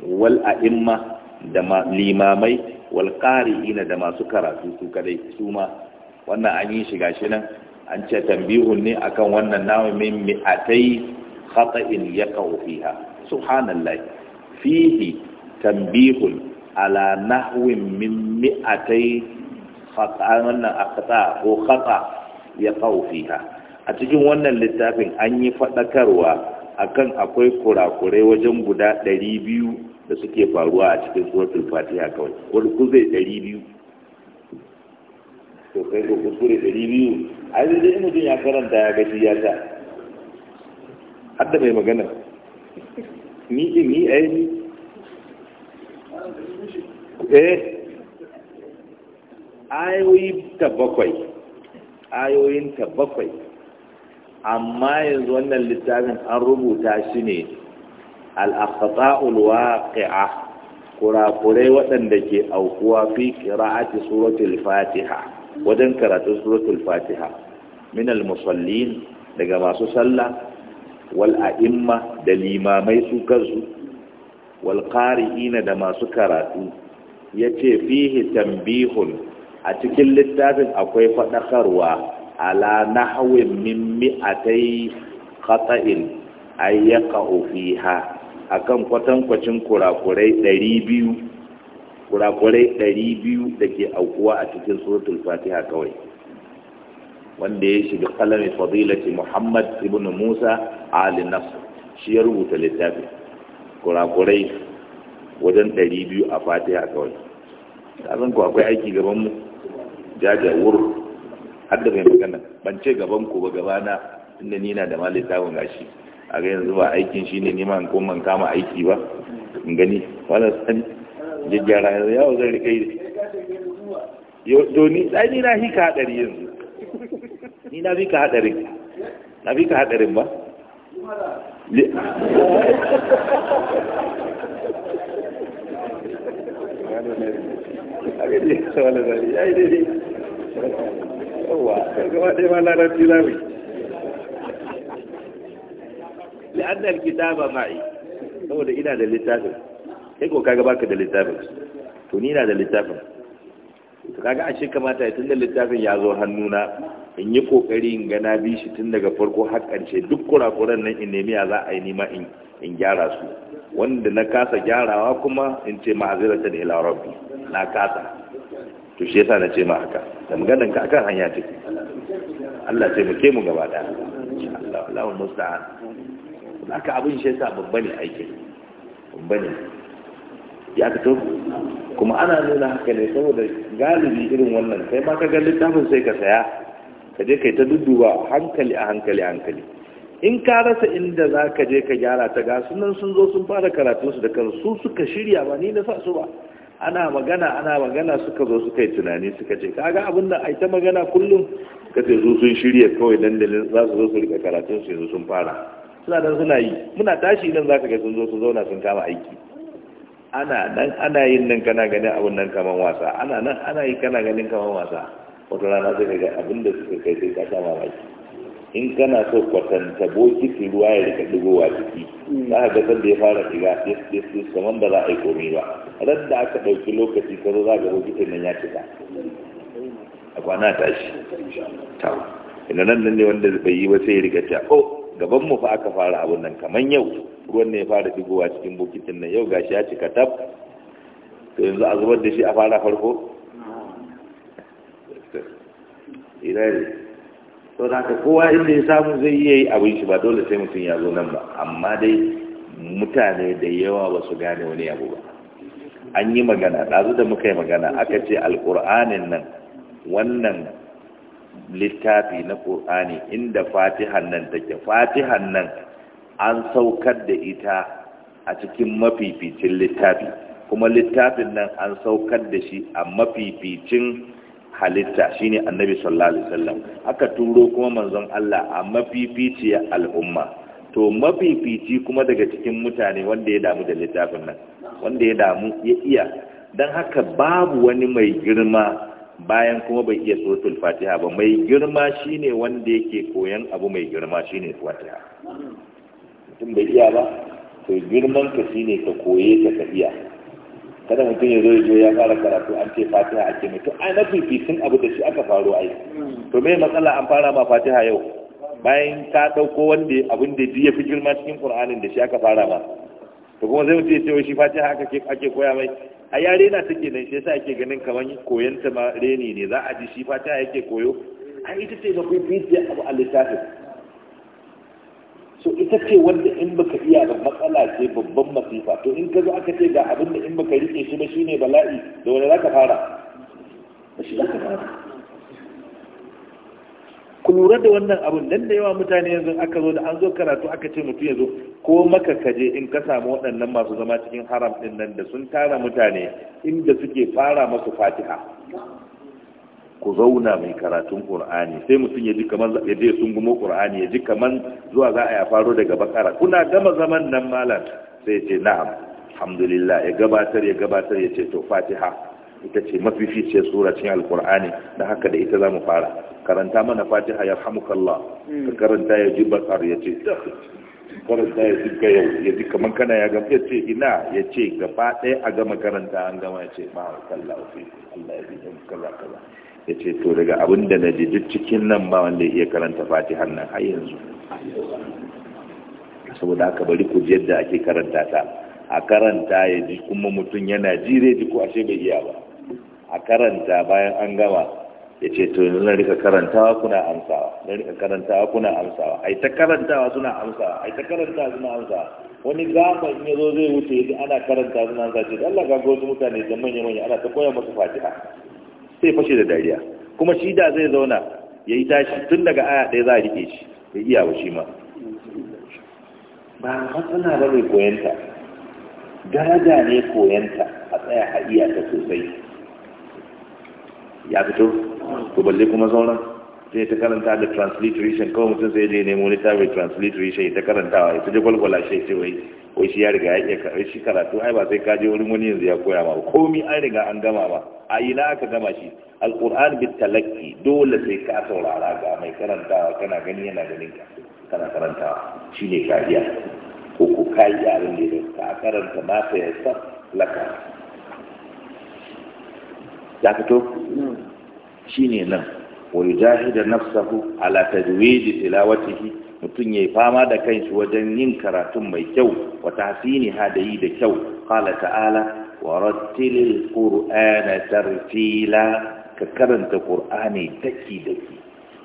wal a'imma da limamai wal qari'ina da masu karatu su kadai su ma wannan an yi shiga shi nan an ce tambihun ne akan wannan nawa min mi'atai khata'in yaqa'u fiha subhanallahi fihi tambihun ala nahwin min mi'atai khata'an wannan akhata ko khata yaqa'u fiha a cikin wannan littafin an yi fadakarwa akan akwai kurakurai wajen guda biyu da suke faruwa a cikin suratul fatiha kawai wani kuzai biyu? to kai ko kuskure ɗari biyu a yi zai mutum ya karanta ya gaji ya sha har da mai magana ni ɗin ni a yi eh ayoyi ta bakwai ayoyin ta bakwai amma yanzu wannan littafin an rubuta shi ne al'akhata'ul waqi'a kurakurai waɗanda ke aukuwa fi qira'ati suratul fatiha wajen karatun suratul fatiha min al-musallin daga masu sallah wal a'imma da limamai su kansu wal qari'ina da masu karatu yace fihi tanbihun a cikin littafin akwai fadakarwa ala nahwin min mi'atai qata'in ay yaqa'u fiha akan kwatankwacin kurakurai 200 kurakurai ɗari biyu da ke aukuwa a cikin suratul fatiha kawai wanda ya shiga kalamin fadilati muhammad ibn musa ali nasr shi ya rubuta littafi kurakurai wajen ɗari biyu a fatiha kawai zan ku akwai aiki gaban mu wuri. har da mai magana ban ce gaban ku ba gabana inda ni na da ma littafin gashi a ga yanzu ba aikin shine neman ko man kama aiki ba in gani wala sani jijjara yanzu yawo zan rika yi yau doni ai na fi ka yanzu ni na fi ka hadarin na fi ka hadarin ba sai ko kaga baka da littafin to ni na da littafin to kaga ashe kamata ya tunda littafin ya zo hannuna in yi kokari in ga na bi shi tun daga farko har ƙarshe duk kurakuran nan in nemi ya za a yi nima in in gyara su wanda na kasa gyarawa kuma in ce ta ila rabbi na kasa to shi yasa na ce ma haka da maganar ka akan hanya ce Allah sai mu ke mu gaba da Allah Allahu musta'an haka abin shi yasa babban ne aikin babban ne ya aka to kuma ana nuna haka ne saboda galibi irin wannan sai ma ka ga littafin sai ka saya ka je kai ta dudduba hankali a hankali hankali in ka rasa inda za ka je ka gyara ta ga sunan sun zo sun fara karatunsu da kansu suka shirya ba ni na sa su ba ana magana ana magana suka zo suka yi tunani suka ce ka ga abin da ai ta magana kullum ka ce zo sun shirya kawai dandalin za su zo su rika karatunsu yanzu sun fara suna dan suna yi muna tashi nan za ka ga sun zo su zauna sun kama aiki ana nan ana yin nan kana ganin abun nan kaman wasa ana nan ana yi kana ganin kaman wasa wata rana zai ga abin da suka kai sai ka sha mamaki in kana so kwatanta bokiti ruwa ya rika digowa ciki za ka ga da ya fara shiga yes yes yes kamar da za a yi komai ba ran da aka ɗauki lokaci ka zo za ga bokitin nan ya cika a kwana tashi ta ina nan ne wanda bai yi ba sai ya rika cewa oh gaban mu fa aka fara abun nan kaman yau ruwan ne ya fara digowa cikin bokitin nan yau ga shi ya cika katab to yanzu a zubar da shi a fara farko irari to da ka kowa inda ya samu zai iya yi abin shi ba dole sai mutum ya zo nan ba amma dai mutane da yawa ba su gane wani abu ba an yi magana ɗazu da muka yi magana aka ce alƙur'anin nan wannan littafi na ƙur'ani inda fatihan nan take fatihan nan an saukar da ita a cikin mafificin littafi kuma littafin nan an saukar da shi a mafificin halitta shine annabi sallallahu alaihi wasallam aka turo kuma manzon Allah a mafificiyar al'umma to mafifici kuma daga cikin mutane wanda ya damu da littafin nan wanda ya damu ya iya don haka babu wani mai girma bayan kuma bai iya suratul fatiha ba mai girma shine wanda yake koyan abu mai girma shine fatiha tun bai iya ba to girman ka shine ka koye ta ka iya kada mutum ya zo ya zo ya fara karatu an ce fatiha a mai to ai mafi fitin abu da shi aka faro ai to me matsala an fara ma fatiha yau bayan ka ɗauko wanda abin da ya fi girma cikin qur'anin da shi aka fara ma to kuma zai mutum ya ce shi fatiha aka ake koya mai a yare na take nan shi yasa ake ganin kamar koyan ta ma reni ne za a ji shi fatiha yake koyo a ita ce mafi fitin abu a littafin so ita ce wanda in baka iya ba matsala ce babban masifa to in ka zo aka ce ga abin da in baka rike shi ba shine bala'i da wani zaka fara ba shi zaka fara ku lura da wannan abun nan da yawa mutane yanzu aka zo da an zo karatu aka ce mutum yanzu ko maka kaje in ka samu waɗannan masu zama cikin haram ɗin nan da sun tara mutane inda suke fara masu fatiha ku zauna mai karatun qur'ani sai mutum ya ji kaman ya je sun gumo qur'ani ya ji kaman zuwa za a ya faro daga bakara kuna gama zaman nan malam sai ya ce na'am alhamdulillah ya gabatar ya gabatar ya ce to fatiha ita ce ce sura cikin alkur'ani da haka da ita za mu fara karanta mana fatiha ya hamukallah ka karanta ya ji bakar ya ce karanta ya ji ga ya ji kamar kana ya gama ya ce ina ya ce gaba ɗaya a gama karanta an gama ya ce ma'aikalla ofi allah ya bi kaza kaza ya ce to daga abin da na duk cikin nan ba wanda ya iya karanta fatihar nan har yanzu saboda aka bari ku ji yadda ake karanta ta a karanta ya ji kuma mutum yana ji zai ji ko ashe bai iya ba a karanta bayan an gama ya ce to yanzu na rika karantawa kuna amsawa na rika karantawa kuna amsawa ai ta karantawa suna amsawa ai ta karantawa suna amsawa wani gaban ya zo zai wuce ya ana karanta suna amsawa ce Allah ga wasu mutane da manya-manya ana ta koya masu fatiha sai fashe da dariya kuma shi da zai zauna ya yi tashi tun daga aya ɗaya za a rike shi ya iya ba shi ma ba matsala ba mai koyanta daraja ne koyanta a tsaya a iya ta sosai ya fito to balle kuma zauna. sai ta karanta da transliteration kawai mutum sai dai nemo littafin transliteration ta karantawa ya ta gwalgwala shi sai wai wai shi ya riga ya iya shi karatu ai ba sai kaje je wurin wani yanzu ya koya ma komi an riga an gama ba a ina aka gama shi alquran bit talaqi dole sai ka saurara ga mai karantawa kana gani yana ganin ka kana karantawa shine kariya ko ko kai yaran ne da ka karanta ma sai ya sa laka ya fito hmm. shine nan wa yujahida nafsahu ala tajwid tilawatihi mutum yayi fama da kanshi wajen yin karatun mai kyau wa tahsini hadayi da kyau qala ta'ala wa rattilil qur'ana tartila ka karanta qur'ani daki daki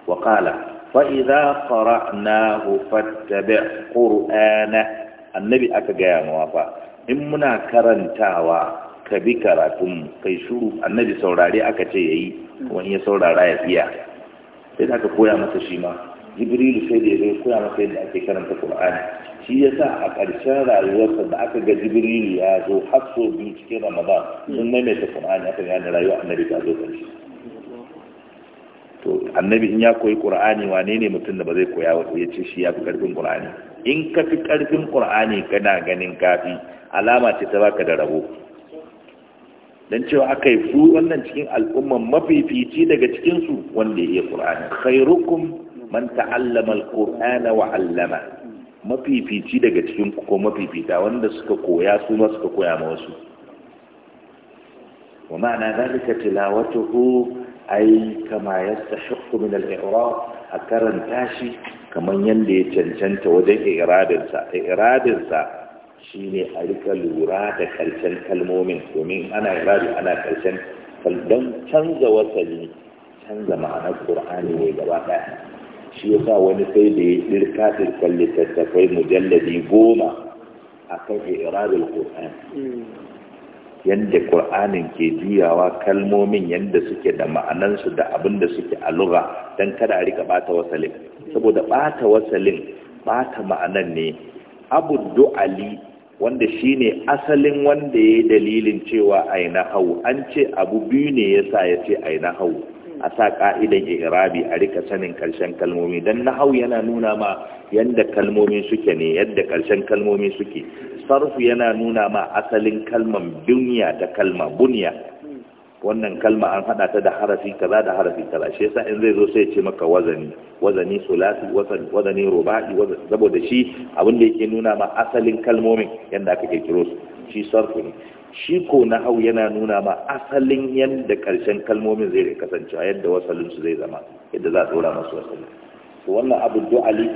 wa qala fa idza qara'nahu fattabi' qur'ana annabi aka gaya mawa fa in muna karantawa ka bi karatun kai shuru annabi saurare aka ce yayi wani ya saurara ya tsiya sai aka koya masa shi ma jibrilu sai da ya koya masa yadda ake karanta qur'ani shi ya sa a ƙarshen rayuwarsa da aka ga jibrilu ya zo har so biyu cikin ramadan sun maimaita qur'ani aka gane rayuwa annabi ta zo ƙarshe to annabi in ya koyi qur'ani wane ne mutum da ba zai koya wa ya ce shi ya fi ƙarfin qur'ani in ka fi ƙarfin qur'ani kana ganin kafi alama ce ta baka da rabo dan cewa aka yi su wannan cikin al'umma mafifici daga cikinsu wanda ya iya qur'ani khairukum man ta'allama alqur'ana wa 'allama mafifici daga cikin ku ko mafifita wanda suka koya su ma suka koya ma wasu wa ma'ana zalika tilawatuhu ai kama yastahiqqu min al-i'rab a karanta shi kaman yanda ya cancanta wajen iradinsa iradinsa shine a rika lura da karshen kalmomin domin ana iradi ana karshen don canza wasali canza ma'anar qur'ani ne gaba daya shi ya sa wani sai da ya kafin kwalli littattafai mujalladi goma a kan irarar qur'an yadda qur'anin ke juyawa kalmomin yadda suke da ma'anansu da abin da suke a lura dan kada a rika bata wasalin saboda bata wasalin bata ma'anan ne abu du'ali wanda shine asalin wanda ya yi dalilin cewa aina hau an ce abu biyu ne ya sa ya ce aina hau a sa ƙa'idan irabi a rika sanin ƙarshen kalmomi don nahau yana nuna ma yadda kalmomi suke ne yadda ƙarshen kalmomi suke sarfu yana nuna ma asalin kalman duniya da kalma buniya wannan kalma an haɗa ta da harafi kaza da harafi kaza shi yasa in zai zo sai ya ce maka wazani wazani sulasi wazani rubai saboda shi abin da yake nuna ma asalin kalmomin yadda aka kirkiro su shi sarfu ne shi ko na hau yana nuna ma asalin yadda ƙarshen kalmomin zai rai kasancewa yadda wasalinsu zai zama yadda za a tsora masu wasalin su wannan abu du'ali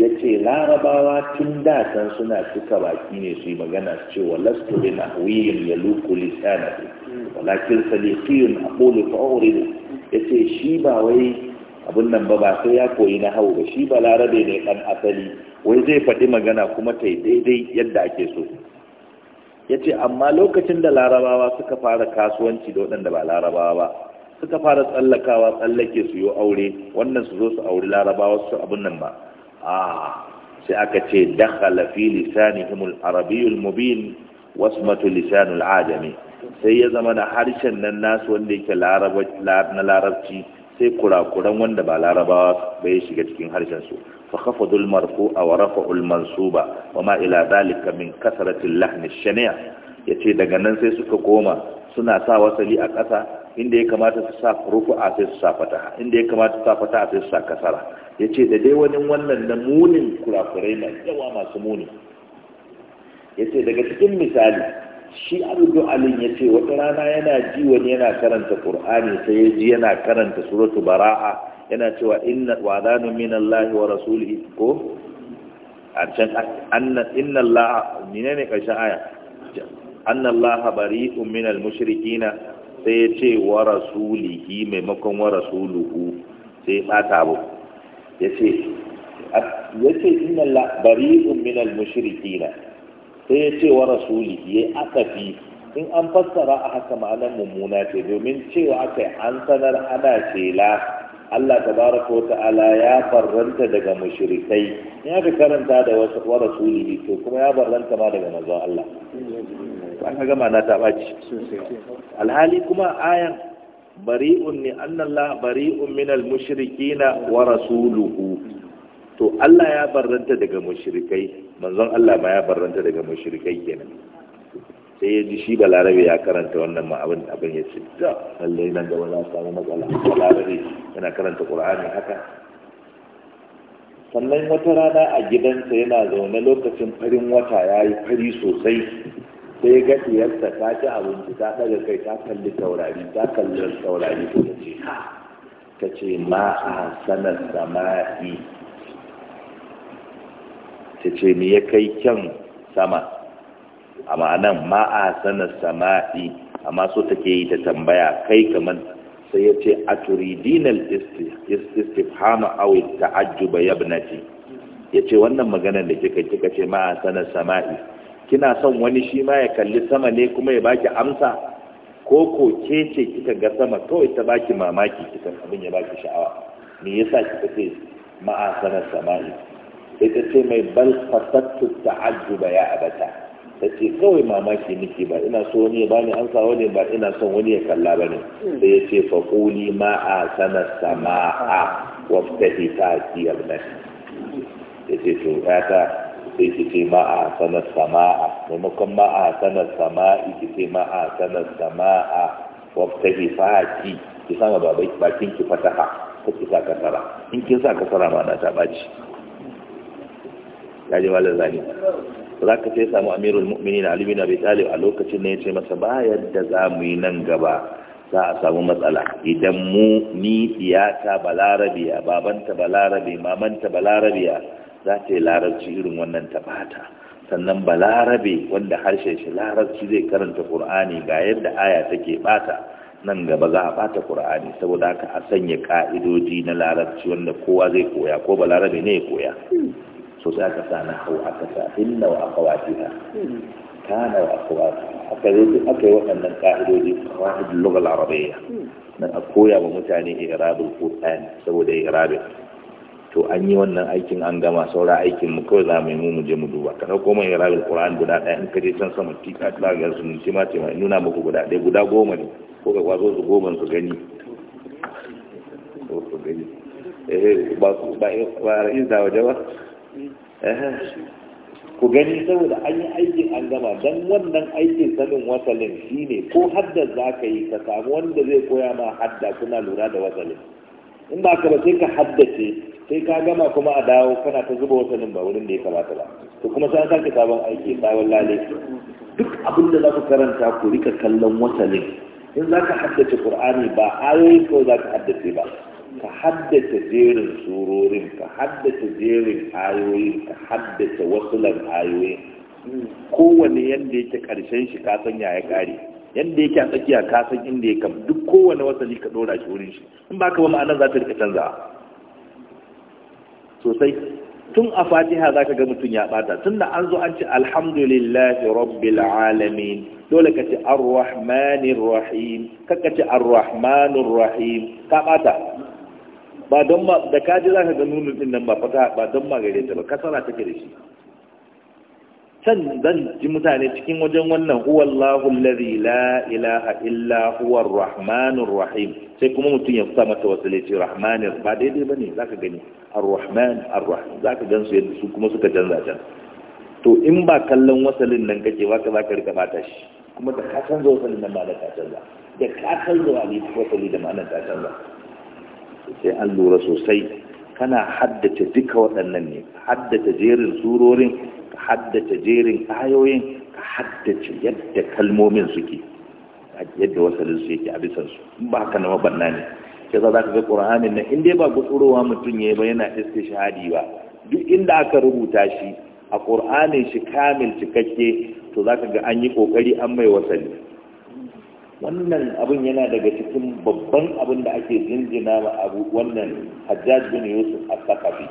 ya ce larabawa tun datan suna cika baki ne su yi magana su ce wa lastu bin ya luku lisanahu walakin salifiyun aqulu ne. ya ce shi ba wai abin nan ba ba sai ya koyi na hau ba shi ba larabe ne kan asali wai zai faɗi magana kuma ta yi daidai yadda ake so ya ce amma lokacin da larabawa suka fara kasuwanci da waɗanda ba larabawa ba suka fara tsallakawa tsallake su yi aure wannan su zo su auri larabawa su abin nan ba a ah, sai aka ce dakhala fi lisanihim mubin wasmatu matu al-ajami sai ya zama da harshen nan nasu wanda yake na larabci sai kurakuran wanda ba larabawa ba ya shiga cikin harshen su fa khafadul marfu'a wa rafa'ul mansuba wa ma ila dalika min kasrati lahn shani'a yace daga nan sai suka koma suna sa wasali a ƙasa inda ya kamata su sa rufu'a sai su sa fataha inda ya kamata su sa fataha sai su sa kasara yace da dai wani wannan da munin kurakurai mai yawa masu muni yace daga cikin misali shi abdu alin ya ce wata rana yana ji wani yana karanta qur'ani sai ya ji yana karanta suratu bara'a yana cewa inna wa'danu minallahi wa rasulihi ko a can anna inna allaha menene karshen aya anna allaha bari'un minal mushrikina sai ya ce wa rasulihi maimakon wa rasuluhu sai ya bata abu ya ce ya ce inna allaha bari'un minal mushrikina sai ya ce wa rasuli ya fi in an fassara a haka ma'anar mummuna ce domin cewa aka yi an sanar ana shela Allah ko ta'ala ya barranta daga mushrikai ya fi karanta da wasu wa rasulihi to kuma ya barranta ma daga manzon Allah an ga ma'ana ta baci alhali kuma ayan bari'un ni annallah bari'un minal mushrikina wa rasuluhu to Allah ya barranta daga mushrikai manzon Allah ma ya barranta daga mushrikai kenan sai ya ji shi balarabe ya karanta wannan ma abin abin ya ce da lallai nan gaba za samu matsala balarabe yana karanta qur'ani haka sannan wata rana a gidansa yana zaune lokacin farin wata ya yi fari sosai sai ga diyarsa ta ci abinci ta daga kai ta kalli taurari ta kalli taurari ta ce ta ce ma a sanar sama'i ta ce me ya kai kyan sama a ma'anan ma'a sana sama'i amma so take yi ta tambaya kai kamar sai ya ce a turidinal istifhama awi ta'ajjuba yabnati ya ce wannan maganar da kika kika ce ma'a sana sama'i kina son wani shi ma ya kalli sama ne kuma ya baki amsa ko ko ke ce kika ga sama kawai ta baki mamaki kika abin ya baki sha'awa me yasa kika ce ma'a sana sama'i sai ta ce mai bal fasattu ba ya abata ta ce kawai mamaki nake ba ina so wani ya bani sawa wani ba ina son wani ya kalla ba ne sai ya ce faƙuli ma'a sana sama'a waftahi ta siyar nan ya ce to ya ta sai ki ce ma'a sana sama'a maimakon ma'a sana sama'i ki ce ma'a sana sama'a waftahi fati ki sama bakin ki fataka ko ki sa kasara in kin sa kasara ma na ta ɓaci ya ji malar zane za ka sai samu amirul mu'mini na alibi na bitali a lokacin ne ya ce masa ba yadda za mu yi nan gaba za a samu matsala idan mu ni diyata balarabiya babanta balarabe mamanta balarabiya za ta yi larabci irin wannan tabata sannan balarabe wanda harshe shi larabci zai karanta kur'ani ga yadda aya take bata nan gaba za a bata kur'ani saboda haka a sanya ka'idoji na larabci wanda kowa zai koya ko balarabe ne ya koya so sai aka sa na hau aka sa inna wa akhawatiha kana wa akhawatiha aka yi aka yi waɗannan a qawaid lughal arabiyya nan a koya wa mutane i'rabul qur'an saboda i'rabin to an yi wannan aikin an gama saura aikin mu kawai za mu yi mu je mu duba ka dauko mai rabil qur'an guda ɗaya in ka je can sama tika ta ga sun ci ma ce mai nuna muku guda ɗaya guda goma ne ko ka kwazo su goma su gani eh ba ba ba waje ba ku gani saboda an yi aikin an gama don wannan aikin sanin wasalin shi ne ko hadda za ka yi ka samu wanda zai koya ma hadda kuna lura da wasalin in ba ka ba sai ka haddace sai ka gama kuma a dawo kana ta zuba wasalin ba wurin da ya kamata ba to kuma sai an sake sabon aiki sabon lale duk abin da za ku karanta ku rika kallon wasalin in za ka haddace Kur'ani ba ayoyin kawai za ka haddace ba ka haddace jerin surorin ka haddace jerin ayoyin ka haddace wasulan ayoyin kowane yadda yake karshen shi kasan ya ya kare yadda yake a tsakiya kasan inda ya kam duk kowane wasali ka dora shi wurin shi in ba ka ba ma'anar za ta rika canza sosai tun a fatiha za ka ga mutum ya bata tun da an zo an ce alhamdulillahi rabbil alamin dole ka ce arrahmanir rahim kaka ce arrahmanir rahim ka bata ba don ma da kaji za ka ga nunin din nan ba fata ba don ma gare ta ba kasara take da shi can zan ji mutane cikin wajen wannan huwallahu allazi la ilaha illa huwar rahmanur rahim sai kuma mutum ya fita mata wasu laifi rahmanir ba daidai bane ka gani ar-rahman ar-rahim zaka gansu yadda su kuma suka canza can to in ba kallon wasalin nan kake ba ka zaka rika bata shi kuma da ka canza wasalin nan ba da ka canza da ka canza wani wasali da ma'anar ta canza sai an lura sosai kana haddace duka waɗannan ne haddace jerin surorin ka haddace jerin ayoyin ka haddace yadda kalmomin suke yadda wasalin su yake a bisan su ba ka na mabanna ne ke za ka ga ƙur'anin nan inda dai ba tsorowa mutum yi ba yana shahadi ba duk inda aka rubuta shi a ƙur'anin shi kamil cikakke to za ka ga an yi ƙoƙari an mai wasali wannan abin yana daga cikin babban abin da ake jinjina wa abu wannan hajjaj bin yusuf a sakafi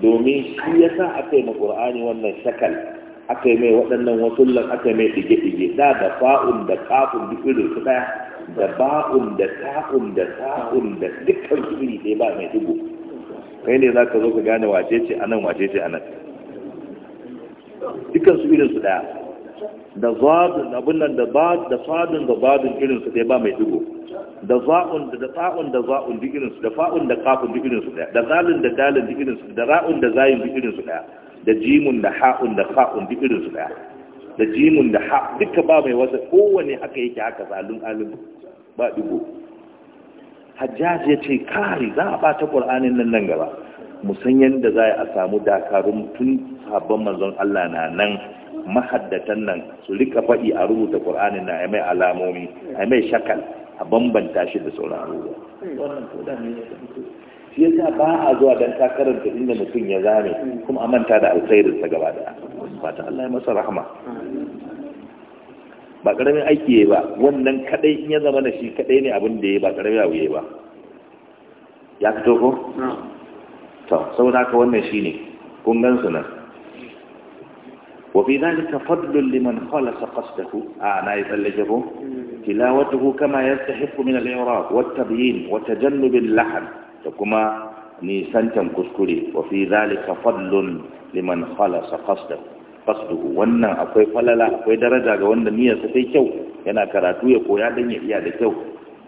domin shi ya sa aka yi na qur'ani wannan shakal aka yi mai waɗannan wasullan aka yi mai ɗige-ɗige. da da fa'un da kafun duk irin su ɗaya da ba'un da ta'un da ta'un da dukkan su iri ɗaya ba mai dubu kai ne za ka zo ka gane wace ce anan wace ce anan dukkan su irin su ɗaya da zadun abin nan da ba da faɗin da zadun irin su ba mai digo da za'un da ta'un da za'un duk irin su da fa'un da kafin duk irin su daya da zalun da dalin duk irin su da ra'un da zayin duk irin su daya da jimun da ha'un da fa'un duk irin su daya da jimun da ha duka ba mai wasa kowane haka yake haka zalun alim ba digo hajjaj ya ce kari za a bata qur'anin nan nan gaba musan yadda za a samu dakarun tun sabon manzon Allah na nan mahaddatan nan su rika faɗi a rubuta ƙur'anin na ya mai alamomi a mai shakal a bambanta shi da sauran abubuwa shi sa ba a zuwa don ta da inda mutum ya zame kuma a manta da alkhairinsa gaba da fata Allah ya masa rahama ba karamin aiki ya ba wannan kadai in ya zama da shi kadai ne abin da ya ba karamin abu ya ba ya fito ko to saboda haka wannan shine kun gan su nan wa fi dhalika fadlun liman khalasa qasdahu a na yi tsallake ko tilawatuhu kama yastahiqu min al-i'rab wa wata tabyin wata jannubin lahan da kuma nisantan kuskure wa fi dhalika fadlun liman khalasa qasdahu wannan akwai falala akwai daraja ga wanda niyyarsa sai kyau yana karatu ya koya dan ya iya da kyau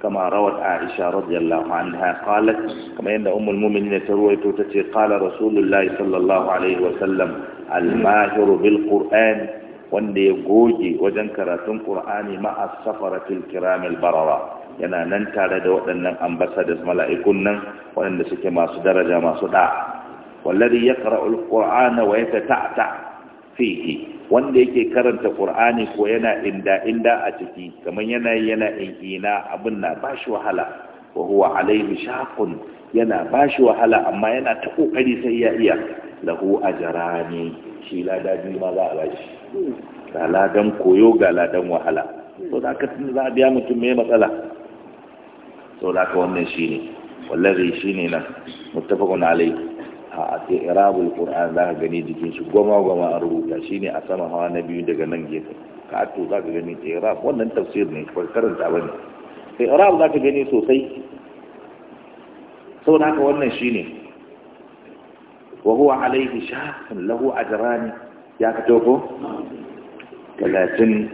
كما روت عائشة رضي الله عنها قالت كما عند أم المؤمنين ترويت تتي قال رسول الله صلى الله عليه وسلم الماهر بالقرآن wanda ya goge wajen karatun ƙur'ani ma'a safaratil kiramil barara yana nan tare da waɗannan ambassadors mala'ikun nan waɗanda suke masu daraja masu ɗa wallari ya ƙara'ul ƙur'ana wa ya ta fihi wanda yake karanta qur'ani ko yana inda inda a ciki kamar yana yana inkina abin na bashi wahala wa huwa alayhi shaqun yana bashi wahala amma yana ta kokari sai ya iya lahu ajrani shi lada bi ma za a bashi ga ladan koyo ga ladan wahala to da ka za a biya mutum mai matsala to da ka wannan shine wallahi shine na muttafaqun alayhi a irabul qur'an za ka gani jikin shi goma goma a rubuta Shi ne a sama hawa na biyu daga nan gefe ka to za ka gani irab wannan tafsir ne ba karanta bane irab za ka gani sosai Sau haka wannan shine wa huwa alayhi shahun lahu ajran ya ka toko Talatin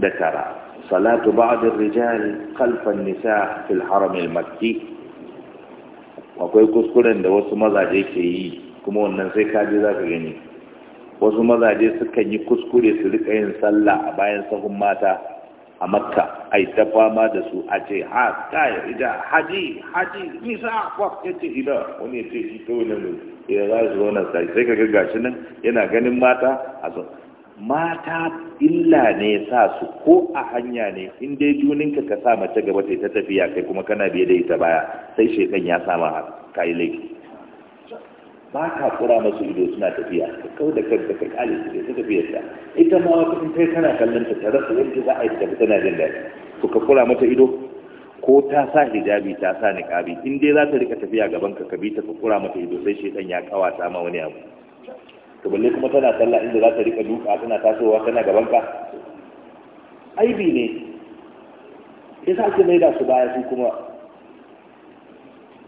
da tara salatu ba'd ar-rijal khalfa an-nisa' fi haram al-makki akwai kuskuren da wasu mazaje ke yi kuma wannan sai kaji za ka gani wasu mazaje sukan yi kuskure su rika yin sallah a bayan sahun mata a makka a yi ta fama da su a ce ha kai ida haji haji nisa kwa ya ce ida wani ya ce shi ta wani ya za su zauna sai ka ga gashi nan yana ganin mata a mata illa ne sa su ko a hanya ne in dai juninka ka sa mace gaba ta ta tafiya kai kuma kana biye da ita baya sai shekan ya sama ka yi laifi ba ka kura masu ido suna tafiya ka kau da kanka ka kale su ta tafiya ta ita ma wata in kai kana kallon ta rasa yanki za a yi tafi tana jin daɗi to ka kura mata ido ko ta sa hijabi ta sa niqabi in dai za ta rika tafiya gaban ka ka bi ta ka kura mata ido sai shekan ya kawata ma wani abu to balle kuma tana sallah inda za ta rika duka tana tasowa tana gaban ka aibi ne yasa ake mai da su baya su kuma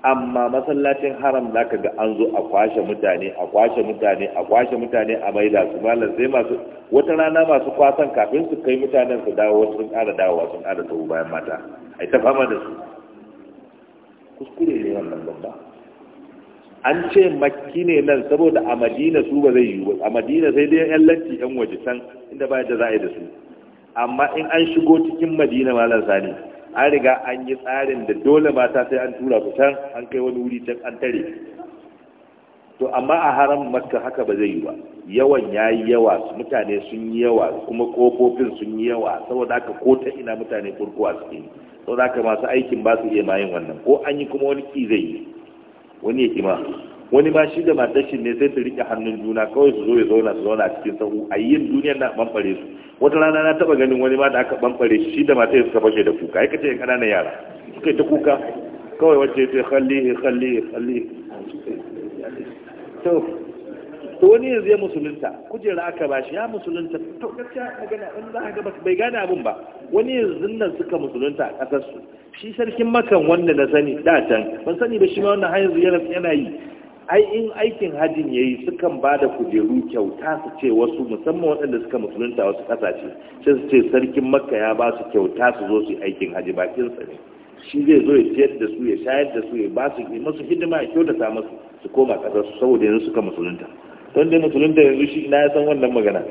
amma masallacin haram ka ga an zo a kwashe mutane a kwashe mutane a kwashe mutane a maida su malar sai masu wata rana masu kwasan kafin su kai mutanen su dawo sun ƙara dawowa sun ƙara tsawo bayan mata ai ta fama da su kuskure ne wannan babba an ce makki ne nan saboda a madina su ba zai yi a madina sai dai yan lanti yan waje san inda ba da za a yi da su amma in an shigo cikin madina malam sani an riga an yi tsarin da dole mata sai an tura su can an kai wani wuri can an tare to amma a haram makka haka ba zai yi ba yawan ya yi yawa mutane sun yi yawa kuma kofofin sun yi yawa saboda haka ko ta ina mutane kurkuwa suke saboda haka masu aikin ba su iya mayin wannan ko an yi kuma wani ki zai yi wani ya kima wani ma shi da matashin ne sai su rike hannun juna kawai su zo ya zauna su zauna cikin sahu a yin duniyar na bambare su wata rana na taba ganin wani ma da aka bambare shi da matashin suka fashe da kuka ya kace kananan yara suka ta kuka kawai wacce ta khalli khalli khalli to to wani yanzu ya musulunta kujera aka ba shi ya musulunta to gaskiya magana in za ka gaba bai gane abin ba wani yanzu nan suka musulunta a ƙasarsu, shi sarkin makan wanda na sani da can ban sani ba shi ma wannan har yana yi ai in aikin hajjin yayi sukan ba da kujeru kyauta su ce wasu musamman waɗanda suka musulunta wasu ƙasashe sai su ce sarkin makka ya ba su kyauta su zo su yi aikin hajji bakin sa ne shi zai zo ya ciyar da su ya shayar da su ya ba su yi masu hidima ya kyautata masu su koma ƙasar saboda yanzu suka musulunta wanda musulun da yanzu shi na ya san wannan magana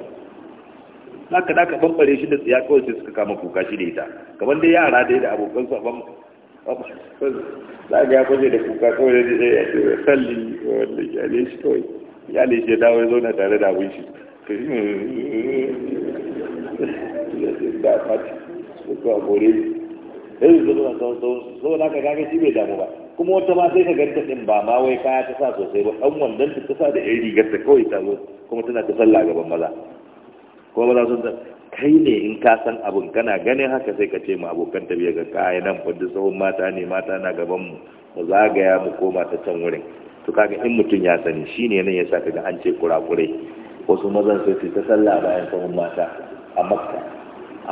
haka da aka bambare shi da tsiya kawai sai suka kama kuka shi da ita kamar dai yara dai da abokan su ban za ga ya kwaje da kuka kawai da dai ya ce salli wanda ya ne shi kawai ya ne shi ya dawo ya zauna tare da abin shi da fati ko kawai gore yi zama sau sau sau da aka gaga shi bai damu ba kuma wata ma sai ka ganta din ba ma wai kaya ta sa sosai ba dan wandan ta sa da yan rigar ta kawai ta zo kuma tana ta sallah gaban maza kuma maza sun kai ne in ka san abin kana ganin haka sai ka ce ma abokan tafiya ga kaya nan fa duk sahun mata ne mata na gaban mu mu zagaya mu koma ta can wurin to kaga in mutum ya sani shine nan yasa kaga an ce kurakurai wasu mazan sai ta sallah bayan sahun mata a makka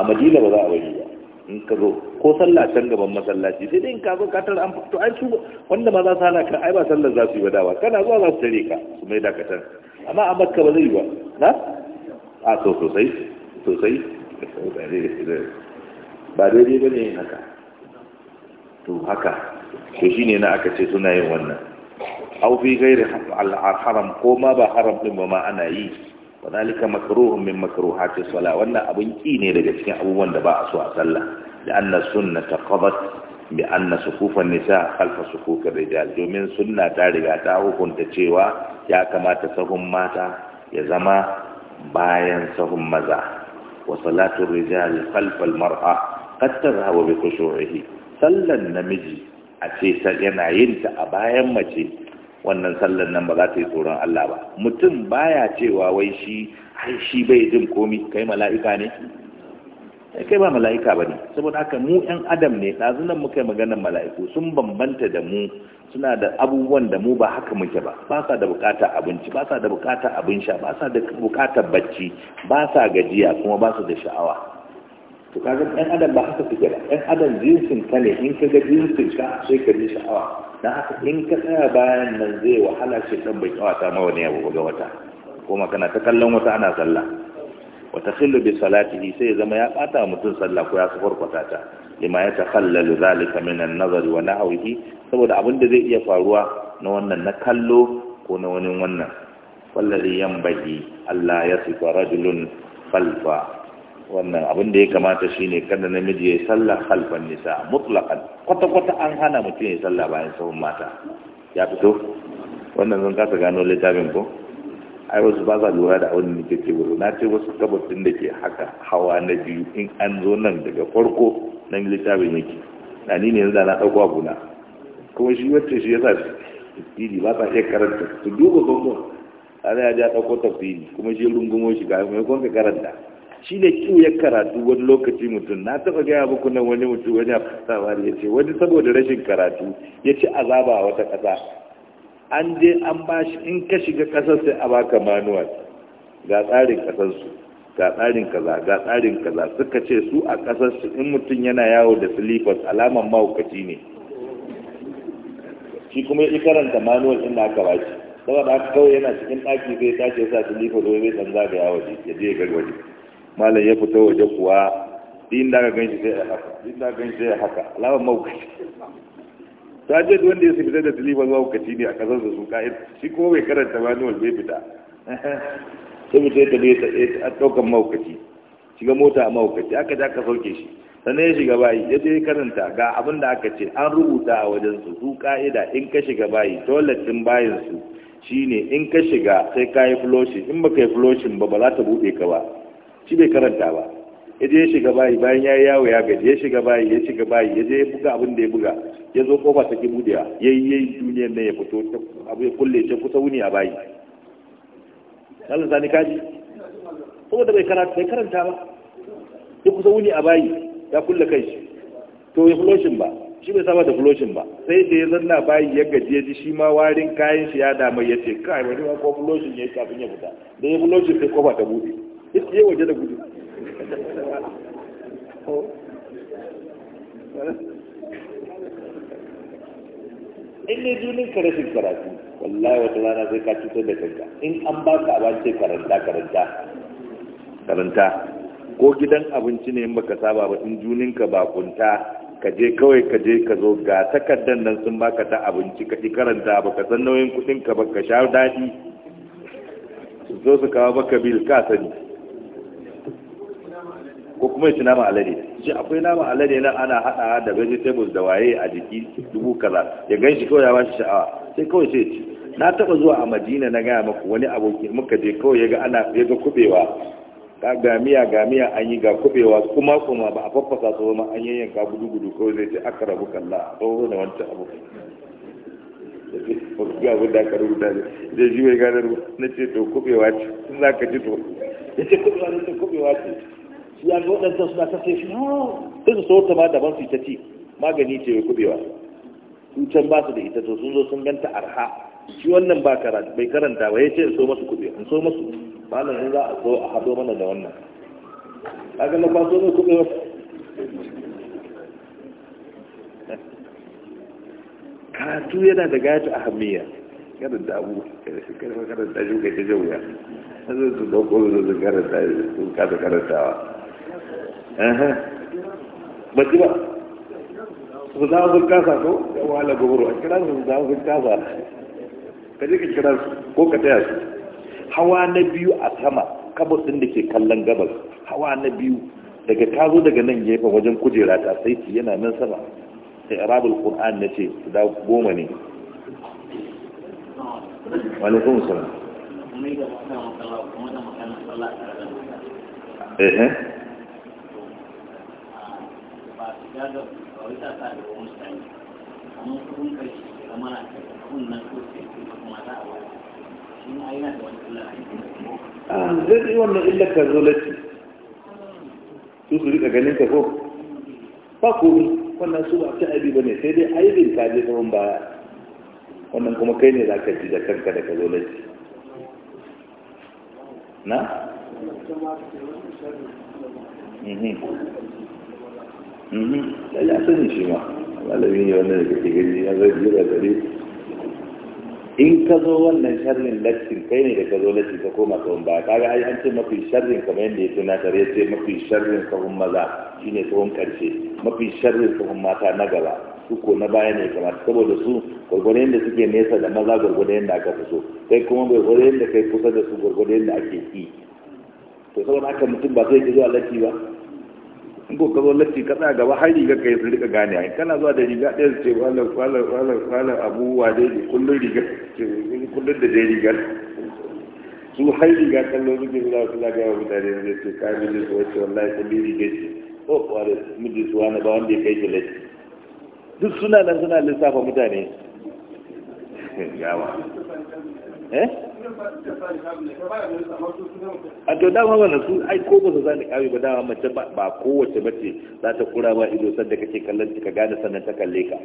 a madina ba za a bari ba in ka zo ko sallah can gaban masallaci sai dai in ka zo ka tara an to ai su wanda ma za su hana ka ai ba sallar za su yi dawa kana zuwa za su tare ka su mai dakatar amma a makka ba zai yi ba na a so sosai sosai ba daidai ba ne yin haka to haka to shine na aka ce suna yin wannan au fi gairi al haram ko ma ba haram din ba ma ana yi wa zalika makruhun min makruhati sala wannan abun ki ne daga cikin abubuwan da ba a so a sallah da anna sunnata qadat bi anna sufufan nisa khalfa sufufir rijal domin sunna ta riga ta hukunta cewa ya kamata sahun mata ya zama bayan sahun maza wa salatu rijal khalfa almar'a qad tadhhabu bi khushu'ihi sallan namiji a ce yana yin ta a bayan mace wannan sallar nan ba za ta yi tsoron Allah ba mutum baya cewa wai shi ai shi bai jin komi kai mala'ika ne kai ba mala'ika ba ne saboda haka mu 'yan adam ne ɗazunan muka yi maganar mala'iku sun bambanta da mu suna da abubuwan da mu ba haka muke ba ba sa da bukatar abinci ba sa da bukatar abin sha ba sa da bukatar bacci ba sa gajiya kuma ba su da sha'awa to kaga ɗan adam ba haka suke ba ɗan adam jinsin ka ne in ka ga jinsin ka sai ka ji sha'awa haka in ka tsaya bayan nan zai wahala shi dan bai kawata mawa ne abu ga wata kuma kana ta kallon wata ana sallah wata khillu bi salatihi sai zama ya bata mutum sallah ko ya sukurkwata ta lima ya takhallalu zalika min an-nazari wa nahwihi saboda abin da zai iya faruwa na wannan na kallo ko na wani wannan wallazi yanbaghi Allah ya sifa rajulun falfa wannan abin da ya kamata shine kada namiji ya yi sallah khalfan nisa mutlaqan kwata kwata an hana mutum ya yi sallah bayan sahun mata ya fito wannan zan kasa gano littafin ko ai wasu ba za lura da abin da nake ce wasu na ce wasu kabatin da ke haka hawa na biyu in an zo nan daga farko nan littafin yake na ni ne yanzu da na ɗauko abuna kuma shi wacce shi ya sa tafsiri ba sa iya karanta su duba bangon ana ya ja ɗauko tafsiri kuma shi rungumo shi ga maimakon ka karanta shi ne ya karatu wani lokaci mutum na taɓa gaya muku nan wani mutum wani labari ya ce wani saboda rashin karatu ya ci azaba a wata ƙasa an je an ba shi in ka shiga ƙasar sai a baka manuwal ga tsarin ƙasarsu ga tsarin kaza ga tsarin kaza suka ce su a ƙasarsu in mutum yana yawo da silifas alaman mahaukaci ne shi kuma ya karanta manuwal ina da aka ba shi saboda haka kawai yana cikin ɗaki zai tashi ya sa silifas wai zai ga yawo waje ya je ya garwaje malam ya fita waje kuwa din da gan shi sai haka din da gan shi sai haka lawan maukaci ta je duk wanda ya fita da dalibar maukaci ne a kasar da su ka'id shi ko bai karanta manual bai fita sai mutum ta tafi ya ɗaukan maukaci shiga mota a maukaci aka ja ka sauke shi sannan ya shiga bayi ya je karanta ga abin da aka ce an rubuta a wajen su su ka'ida in ka shiga bayi toilet din bayin su shine in ka shiga sai ka yi floshin in ka yi floshin ba ba za ta buɗe ka ba shi bai karanta ba ya je ya shiga bayi bayan ya yi yawo ya gaji ya shiga bayi ya shiga bayi ya je ya buga abin da ya buga ya zo kofa ta ki budewa ya yi ya yi duniyar nan ya fito abu ya kulle ce kusa wuni a bayi Allah sani kaji saboda bai karanta bai karanta ba ya kusa wuni a bayi ya kulle kai shi to ya fuloshin ba shi bai saba da fuloshin ba sai da ya zanna bayi ya gaji ya ji shi ma warin kayan shi ya dama ya ce kai wani ma ko fuloshin ya yi kafin ya fita da ya fuloshin sai kofa ta bude ya waje da gudu in ne junin ka karatu wallahi wata rana zai ka cutar da kanka in an ba ka abance karanta karanta karanta ko gidan abinci ne in baka saba ba in junin ka ba kunta ka je kawai ka je ka zo ga takardar nan sun baka ta abinci ka ki karanta ba ka san nauyin kudin ka ba ka sha daɗi su zo su kawo baka bil ka sani ko kuma ya ci nama alade shi akwai nama alade nan ana hada da vegetables da waye a jiki dubu kaza ya gan shi kawai ya bashi sha'awa sai kawai sai ci na taba zuwa a madina na gaya maku wani aboki muka je kawai ya ga ana ya ga kubewa ga gamiya gamiya an yi ga kubewa kuma kuma ba a faffasa su ma an yayyan ka gudu gudu kawai zai ce aka rabu kalla sauro da wancan abu ga abin da aka rubuta ne zai ji mai ganar na ce to kubewa ce sun za ka ci to ya ce kubewa ne ce kubewa ce ya ga waɗansa suna kashe shi sai su so ta ma daban su ta ci magani ce ya kubewa can ba su da ita to sun zo sun ganta arha shi wannan ba karanta bai karanta ba ya ce so masu kube in so masu malam za a so a haɗo mana da wannan kaga ba kwaso mai kuɓe karatu yana da gaji a hamiya karin da abu karanta shi kai ta jauya zai su dauko su karanta sun kasa karantawa ba ba su za sun kasa ko ya wahala gobaro a kira su za sun kasa ka je ka kira su ko ka taya su hawa na biyu a sama kabas da ke kallon gabas hawa na biyu daga ta zo daga nan gefen wajen kujera ta sai yana nan sama sai arabul qur'an na ce da goma ne alaikum salam eh ya ga kawai ta a ah, zai yi wannan ka zo lati su su ganin ka ko ba komi wannan su ba ta aibi ba ne sai dai aibin ka je tsawon baya wannan kuma kai ne za ka ji da kanka da ka zo lati na? Mhm. Mhm. sani shi ma malami ne wannan da kake gani ya zai jira gare in ka zo wannan sharrin lattin kai ne da ka zo lattin ka koma tsohon ba kaga ga an ce mafi sharrin kamar yadda ya tare ya ce mafi sharrin kawun maza shine tsohon karshe mafi sharrin kawun mata na gaba su ko na baya ne kamar saboda su gwargwado yadda suke nesa da maza gwargwado yadda aka fi so kai kuma gwargwado yadda kai kusa da su gwargwado yadda ake ki to saboda haka mutum ba zai ki zuwa latti ba in ko ka zo latti ka tsaya gaba har riga ka yi su rika gane ai kana zuwa da riga ɗaya su ce walar walar walar walar abubuwa dai ne kullum riga ce kullum da dai rigar su har riga kallo suke zuwa suna gaya wa mutane ne su ka yi su wacce wallahi kullum riga ce ko oh, kwarar mijin su wani ba wanda ya kai ki latti duk suna nan suna lissafa mutane gawa Eh? a to dama wannan su ai ko ba su za ni kawai ba dama mace ba kowace bace za ta kura ba ido sadda kake kallon ka gane sannan ta kalle ka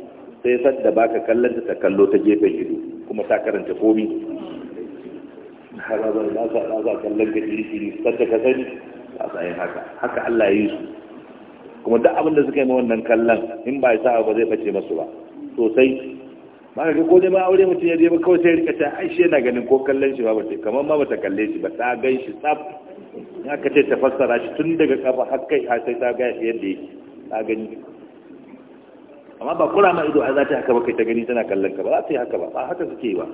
sai sadda baka kallon ta kallo ta gefen ido kuma ta karanta komi harabar za sa za sa kallon ka iri iri sadda ka sani ba sa yin haka haka Allah ya yi su kuma duk abin da suka yi ma wannan kallon in ba ya sa ba zai bace masu ba sosai ba ga ko dai ba aure mutum ya je ba kawai sai rika ta ai shi yana ganin ko kallon shi ba ba kamar ma bata kalle shi ba ta gan shi tsaf ya aka ce ta fassara shi tun daga kafa har kai har sai ta ga shi yadda yake ta gani amma ba kura ma ido a za ta haka ba kai ta gani tana kallon ka ba za ta yi haka ba ba haka suke ba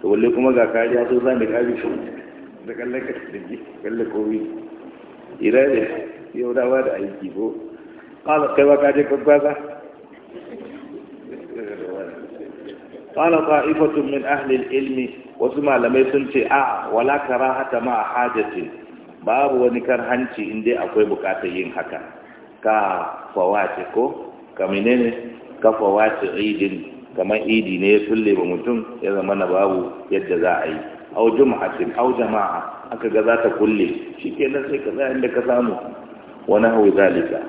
to walle kuma ga kariya to za mu kare shi da kallon ka da ji ko wi ira ne yau da ba da aiki ko kala kai ba ka je ka ba qala ta'ifatun min ahli ilmi wasu malamai sun ce a wala karahata ma hajati babu wani karhanci inda akwai bukatar yin haka ka fawace ko ka menene ka fawace idin kamar idi ne ya tulle ba mutum ya zama na babu yadda za a yi au juma'atin au jama'a aka ga za ta kulle shikenan sai ka tsaya inda ka samu wa nahwu zalika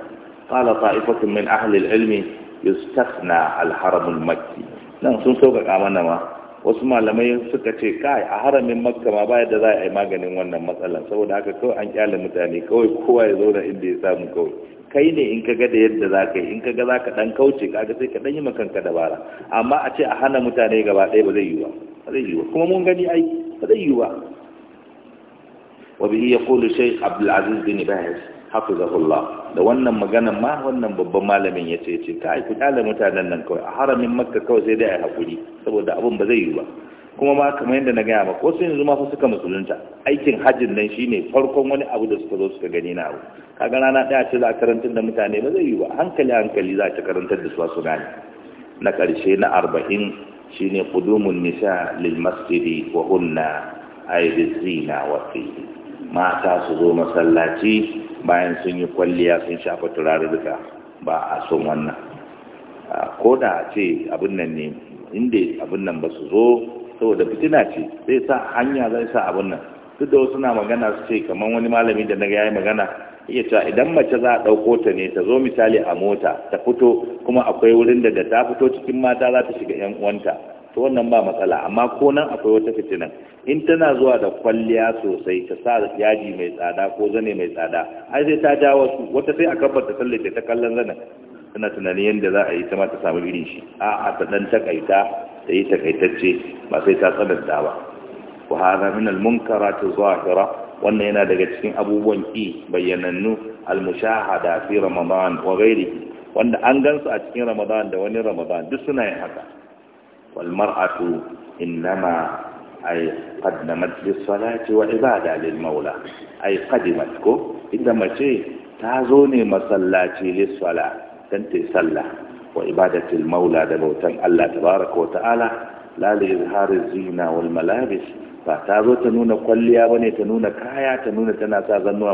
qala ta'ifatun min ahli al-ilmi yustathna al-haram al-makki nan sun sauƙaƙa mana ma wasu malamai suka ce kai a haramin makka ma baya da za a yi maganin wannan matsalar saboda haka kawai an kyale mutane kawai kowa ya zauna inda ya samu kawai kai ne in ka ga da yadda za ka yi in ka ga za ka ɗan kauce ga sai ka ɗan yi makanka dabara amma a ce a hana mutane gaba ɗaya ba zai yi ba ba zai yi ba kuma mun gani ai ba zai yi ba wa bihi yaqulu shaykh abdul aziz bin baz hafizahullah da wannan maganan ma wannan babban malamin ya ce ce kai ku kala mutanen nan kawai a haramin makka kawai sai dai a hakuri saboda abin ba zai yi ba kuma ma kamar yadda na gaya maka wasu yanzu ma fa suka musulunta aikin hajjin nan shine farkon wani abu da suka zo suka gani na abu kaga rana daya ce za a karantar da mutane ba zai yi ba hankali hankali za ta karantar da su su gane na karshe na arba'in shine qudumun nisa lil masjidi wa hunna ay wa mata su zo masallaci bayan sun yi kwalliya sun shafa duka ba a son wannan ko da a ce abin nan ne inda abin nan ba su zo saboda fitina ce zai sa hanya zai sa abin nan duk da wasu na magana su ce kamar wani malami da naga yayi magana iya cewa idan mace za a ɗauko ta ne ta zo misali a mota ta fito kuma akwai wurin da da ta fito cikin mata za ta shiga 'yan uwanta to wannan ba matsala amma ko nan akwai wata fitinan in tana zuwa da kwalliya sosai ta sa yaji mai tsada ko zane mai tsada ai sai ta ja wasu wata sai a kabar ta sallace ta kallon zanen tana tunanin yadda za a yi ta ma ta samu irin shi a a ta dan takaita ta yi takaitacce ba sai ta tsananta ba wa hada min al munkarati zahira wannan yana daga cikin abubuwan ki bayyanannu al-mushahada fi ramadan wa ghairihi wanda an gansu a cikin ramadan da wani ramadan duk suna yin haka والمرأة إنما أي قدمت للصلاة وعبادة للمولى أي قدمتك إنما شيء تازوني مصلاتي للصلاة تنتي صلى وعبادة المولى دبوتن الله تبارك وتعالى لا لإظهار الزينة والملابس ba تنون قليا وني تنون كايا تنون ne ta ما kaya ta nuna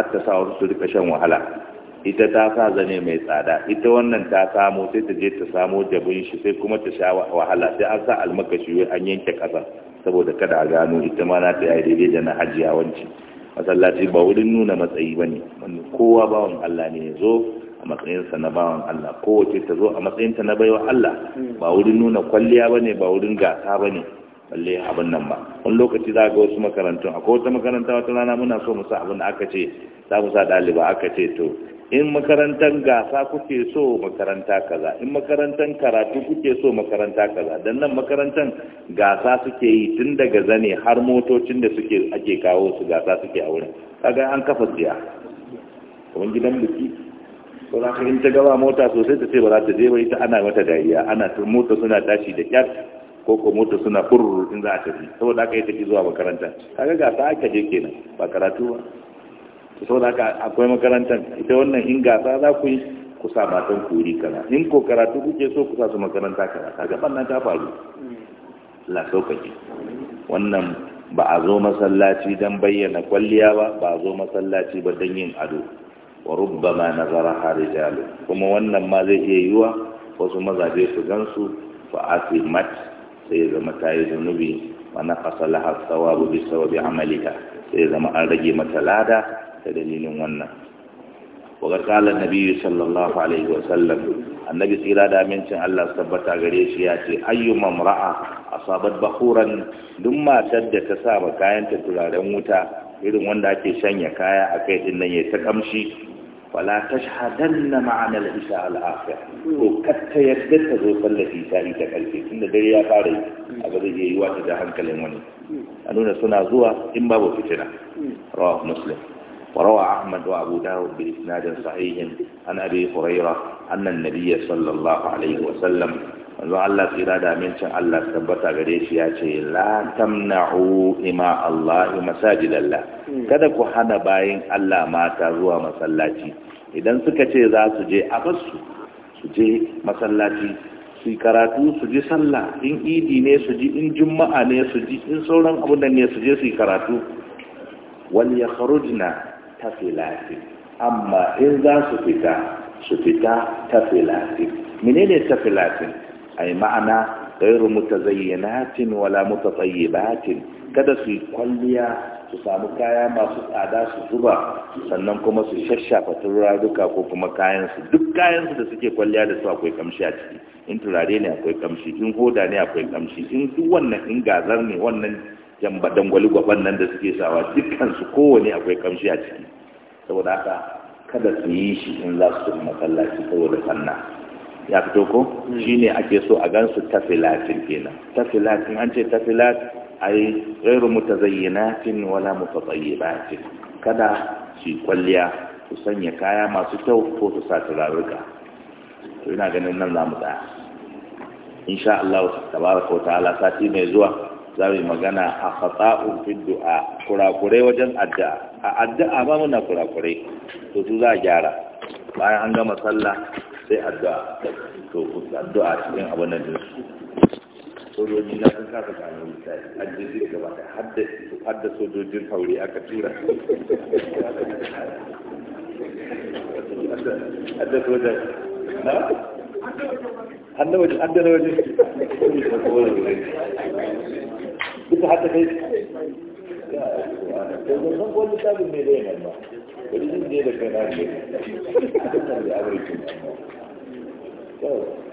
tana sa zannuwa masu ita ta sa zane mai tsada ita wannan ta samu sai ta je ta samu jabin shi sai kuma ta sha wahala sai an sa almakashi wai an yanke kasa saboda kada a gano ita ma na ta yi daidai da na hajiya wanci masallaci ba wurin nuna matsayi ba ne kowa bawan Allah ne ya zo a matsayinsa na bawan Allah kowace ta zo a matsayinta na baiwa Allah ba wurin nuna kwalliya ba ne ba wurin gasa ba ne balle abin nan ba wani lokaci za ga wasu makarantun akwai wata makaranta wata rana muna so mu sa abin da aka ce za mu sa ɗaliba aka ce to in makarantar gasa kuke so makaranta kaza in makarantar karatu kuke so makaranta kaza dan nan makarantar gasa suke yi tun daga zane har motocin da suke ake kawo su gasa suke a wurin kaga an kafa tsiya kuma gidan biki ko za ka in ta gaba mota sosai ta ce ba za ta je ba ita ana mata dariya ana ta mota suna tashi da kyar ko ko mota suna furur in za a tafi saboda haka ita ki zuwa makaranta kaga gasa aka je kenan ba karatu ba so da haka akwai makarantar ita wannan in gasa za ku yi ku sa matan kuri yi in ko karatu kuke so ku sa su makaranta kaza kaga bannan ta faru la sauƙaƙe wannan ba a zo masallaci don bayyana kwalliya ba ba a zo masallaci ba don yin ado wa rubbama nazara jalo kuma wannan ma zai iya yiwa wasu mazaje su gansu fa asimat sai ya zama ta yi zunubi wa naqasa laha thawabu bi amalika sai ya zama an rage mata lada ta dalilin wannan wa qala nabiyyu sallallahu alaihi wa sallam annabi tsira da amincin Allah su tabbata gare shi ya ce ayyuma mra'a asabat bahuran duk matar da ta sa kayan ta turaren wuta irin wanda ake shanya kaya a kai din nan ta kamshi wala tashhadanna ma'ana al-isha al-akhir ko katta yadda ta zo sallar isha ta karfe tunda dare ya fara yi a ga zai yi wata da hankalin wani a nuna suna zuwa in babu fitina rawahu muslim وروى أحمد وأبو داود بإسناد صحيح عن أبي هريرة أن النبي صلى الله عليه وسلم manzo Allah tsira da amincin Allah tabbata gare shi ya ce la tamna'u ima Allah masajidallah kada ku hana bayan Allah mata zuwa masallaci idan suka ce za su je a basu su je masallaci su karatu su ji sallah in idi ne su ji in juma'a ne su ji in sauran abun da ne su je su karatu wal yakhrujna ta filafi amma in za su fita su fita ta filafi menene ta filafi ai ma'ana غير mutazayyinatin wala mutatayyibatin kada su yi kwalliya su samu kaya masu tsada su zuba sannan kuma su shashafa duka ko kuma kayansu duk kayansu da suke kwalliya da su akwai kamshi a ciki in turare ne akwai kamshi in hoda ne akwai kamshi in duk wannan in gazar ne wannan badan dangwali gwaban nan da suke sawa dukkan kowane akwai kamshi a ciki saboda haka kada su yi shi in za su tafi masallaci saboda sanna ya fito ko hmm. shine ake so a gansu tafilatin kenan tafilatin an ce tafilat ai ghairu mutazayyinatin wala mutatayyibatin kada shi kwalliya su sanya kaya masu kyau ko su sa turaruka to ina ganin nan za mu tsaya insha Allah tabaraka wa ta'ala sati mai zuwa za mu magana a fatsa'un fi du'a kurakurai wajen addu'a a addu'a ba muna kurakurai to su za a gyara bayan an gama sallah sai addu'a to addu'a cikin abin da jinsu sojoji na sun kasa gano misali an jirgin da gaba da hadda sojojin haure aka tura hadda sojoji na hannu waje an dana waje duka hata kai da zan wani sabon mai zai nan ba wani zai da kai na da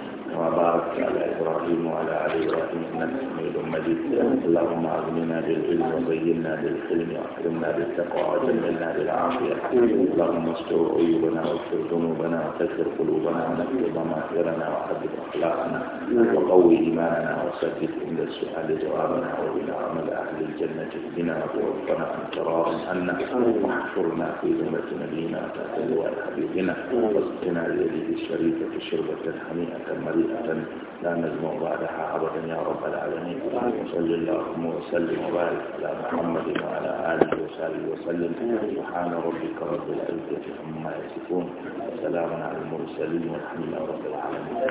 وبارك على إبراهيم وعلى آل إبراهيم إنك حميد مجيد اللهم أغننا بالعلم وزينا بالحلم وأكرمنا بالتقوى وجملنا بالعافية اللهم استر عيوبنا واغفر ذنوبنا وكسر قلوبنا ونكر ضمائرنا وحدد أخلاقنا وقوي إيماننا وسدد عند السؤال جوابنا وبنا عمل أهل الجنة بنا وتوفنا عن كرار عنا واحشرنا في ذمة نبينا تحت لواء حبيبنا واسقنا بيده الشريفة شربة حميئة مريئة حقيقة لا نجمع بعدها أبدا يا رب العالمين وصل اللهم وسلم وبارك على محمد وعلى آله وصحبه وسلم سبحان ربك رب العزة عما يصفون وسلام على المرسلين والحمد لله رب العالمين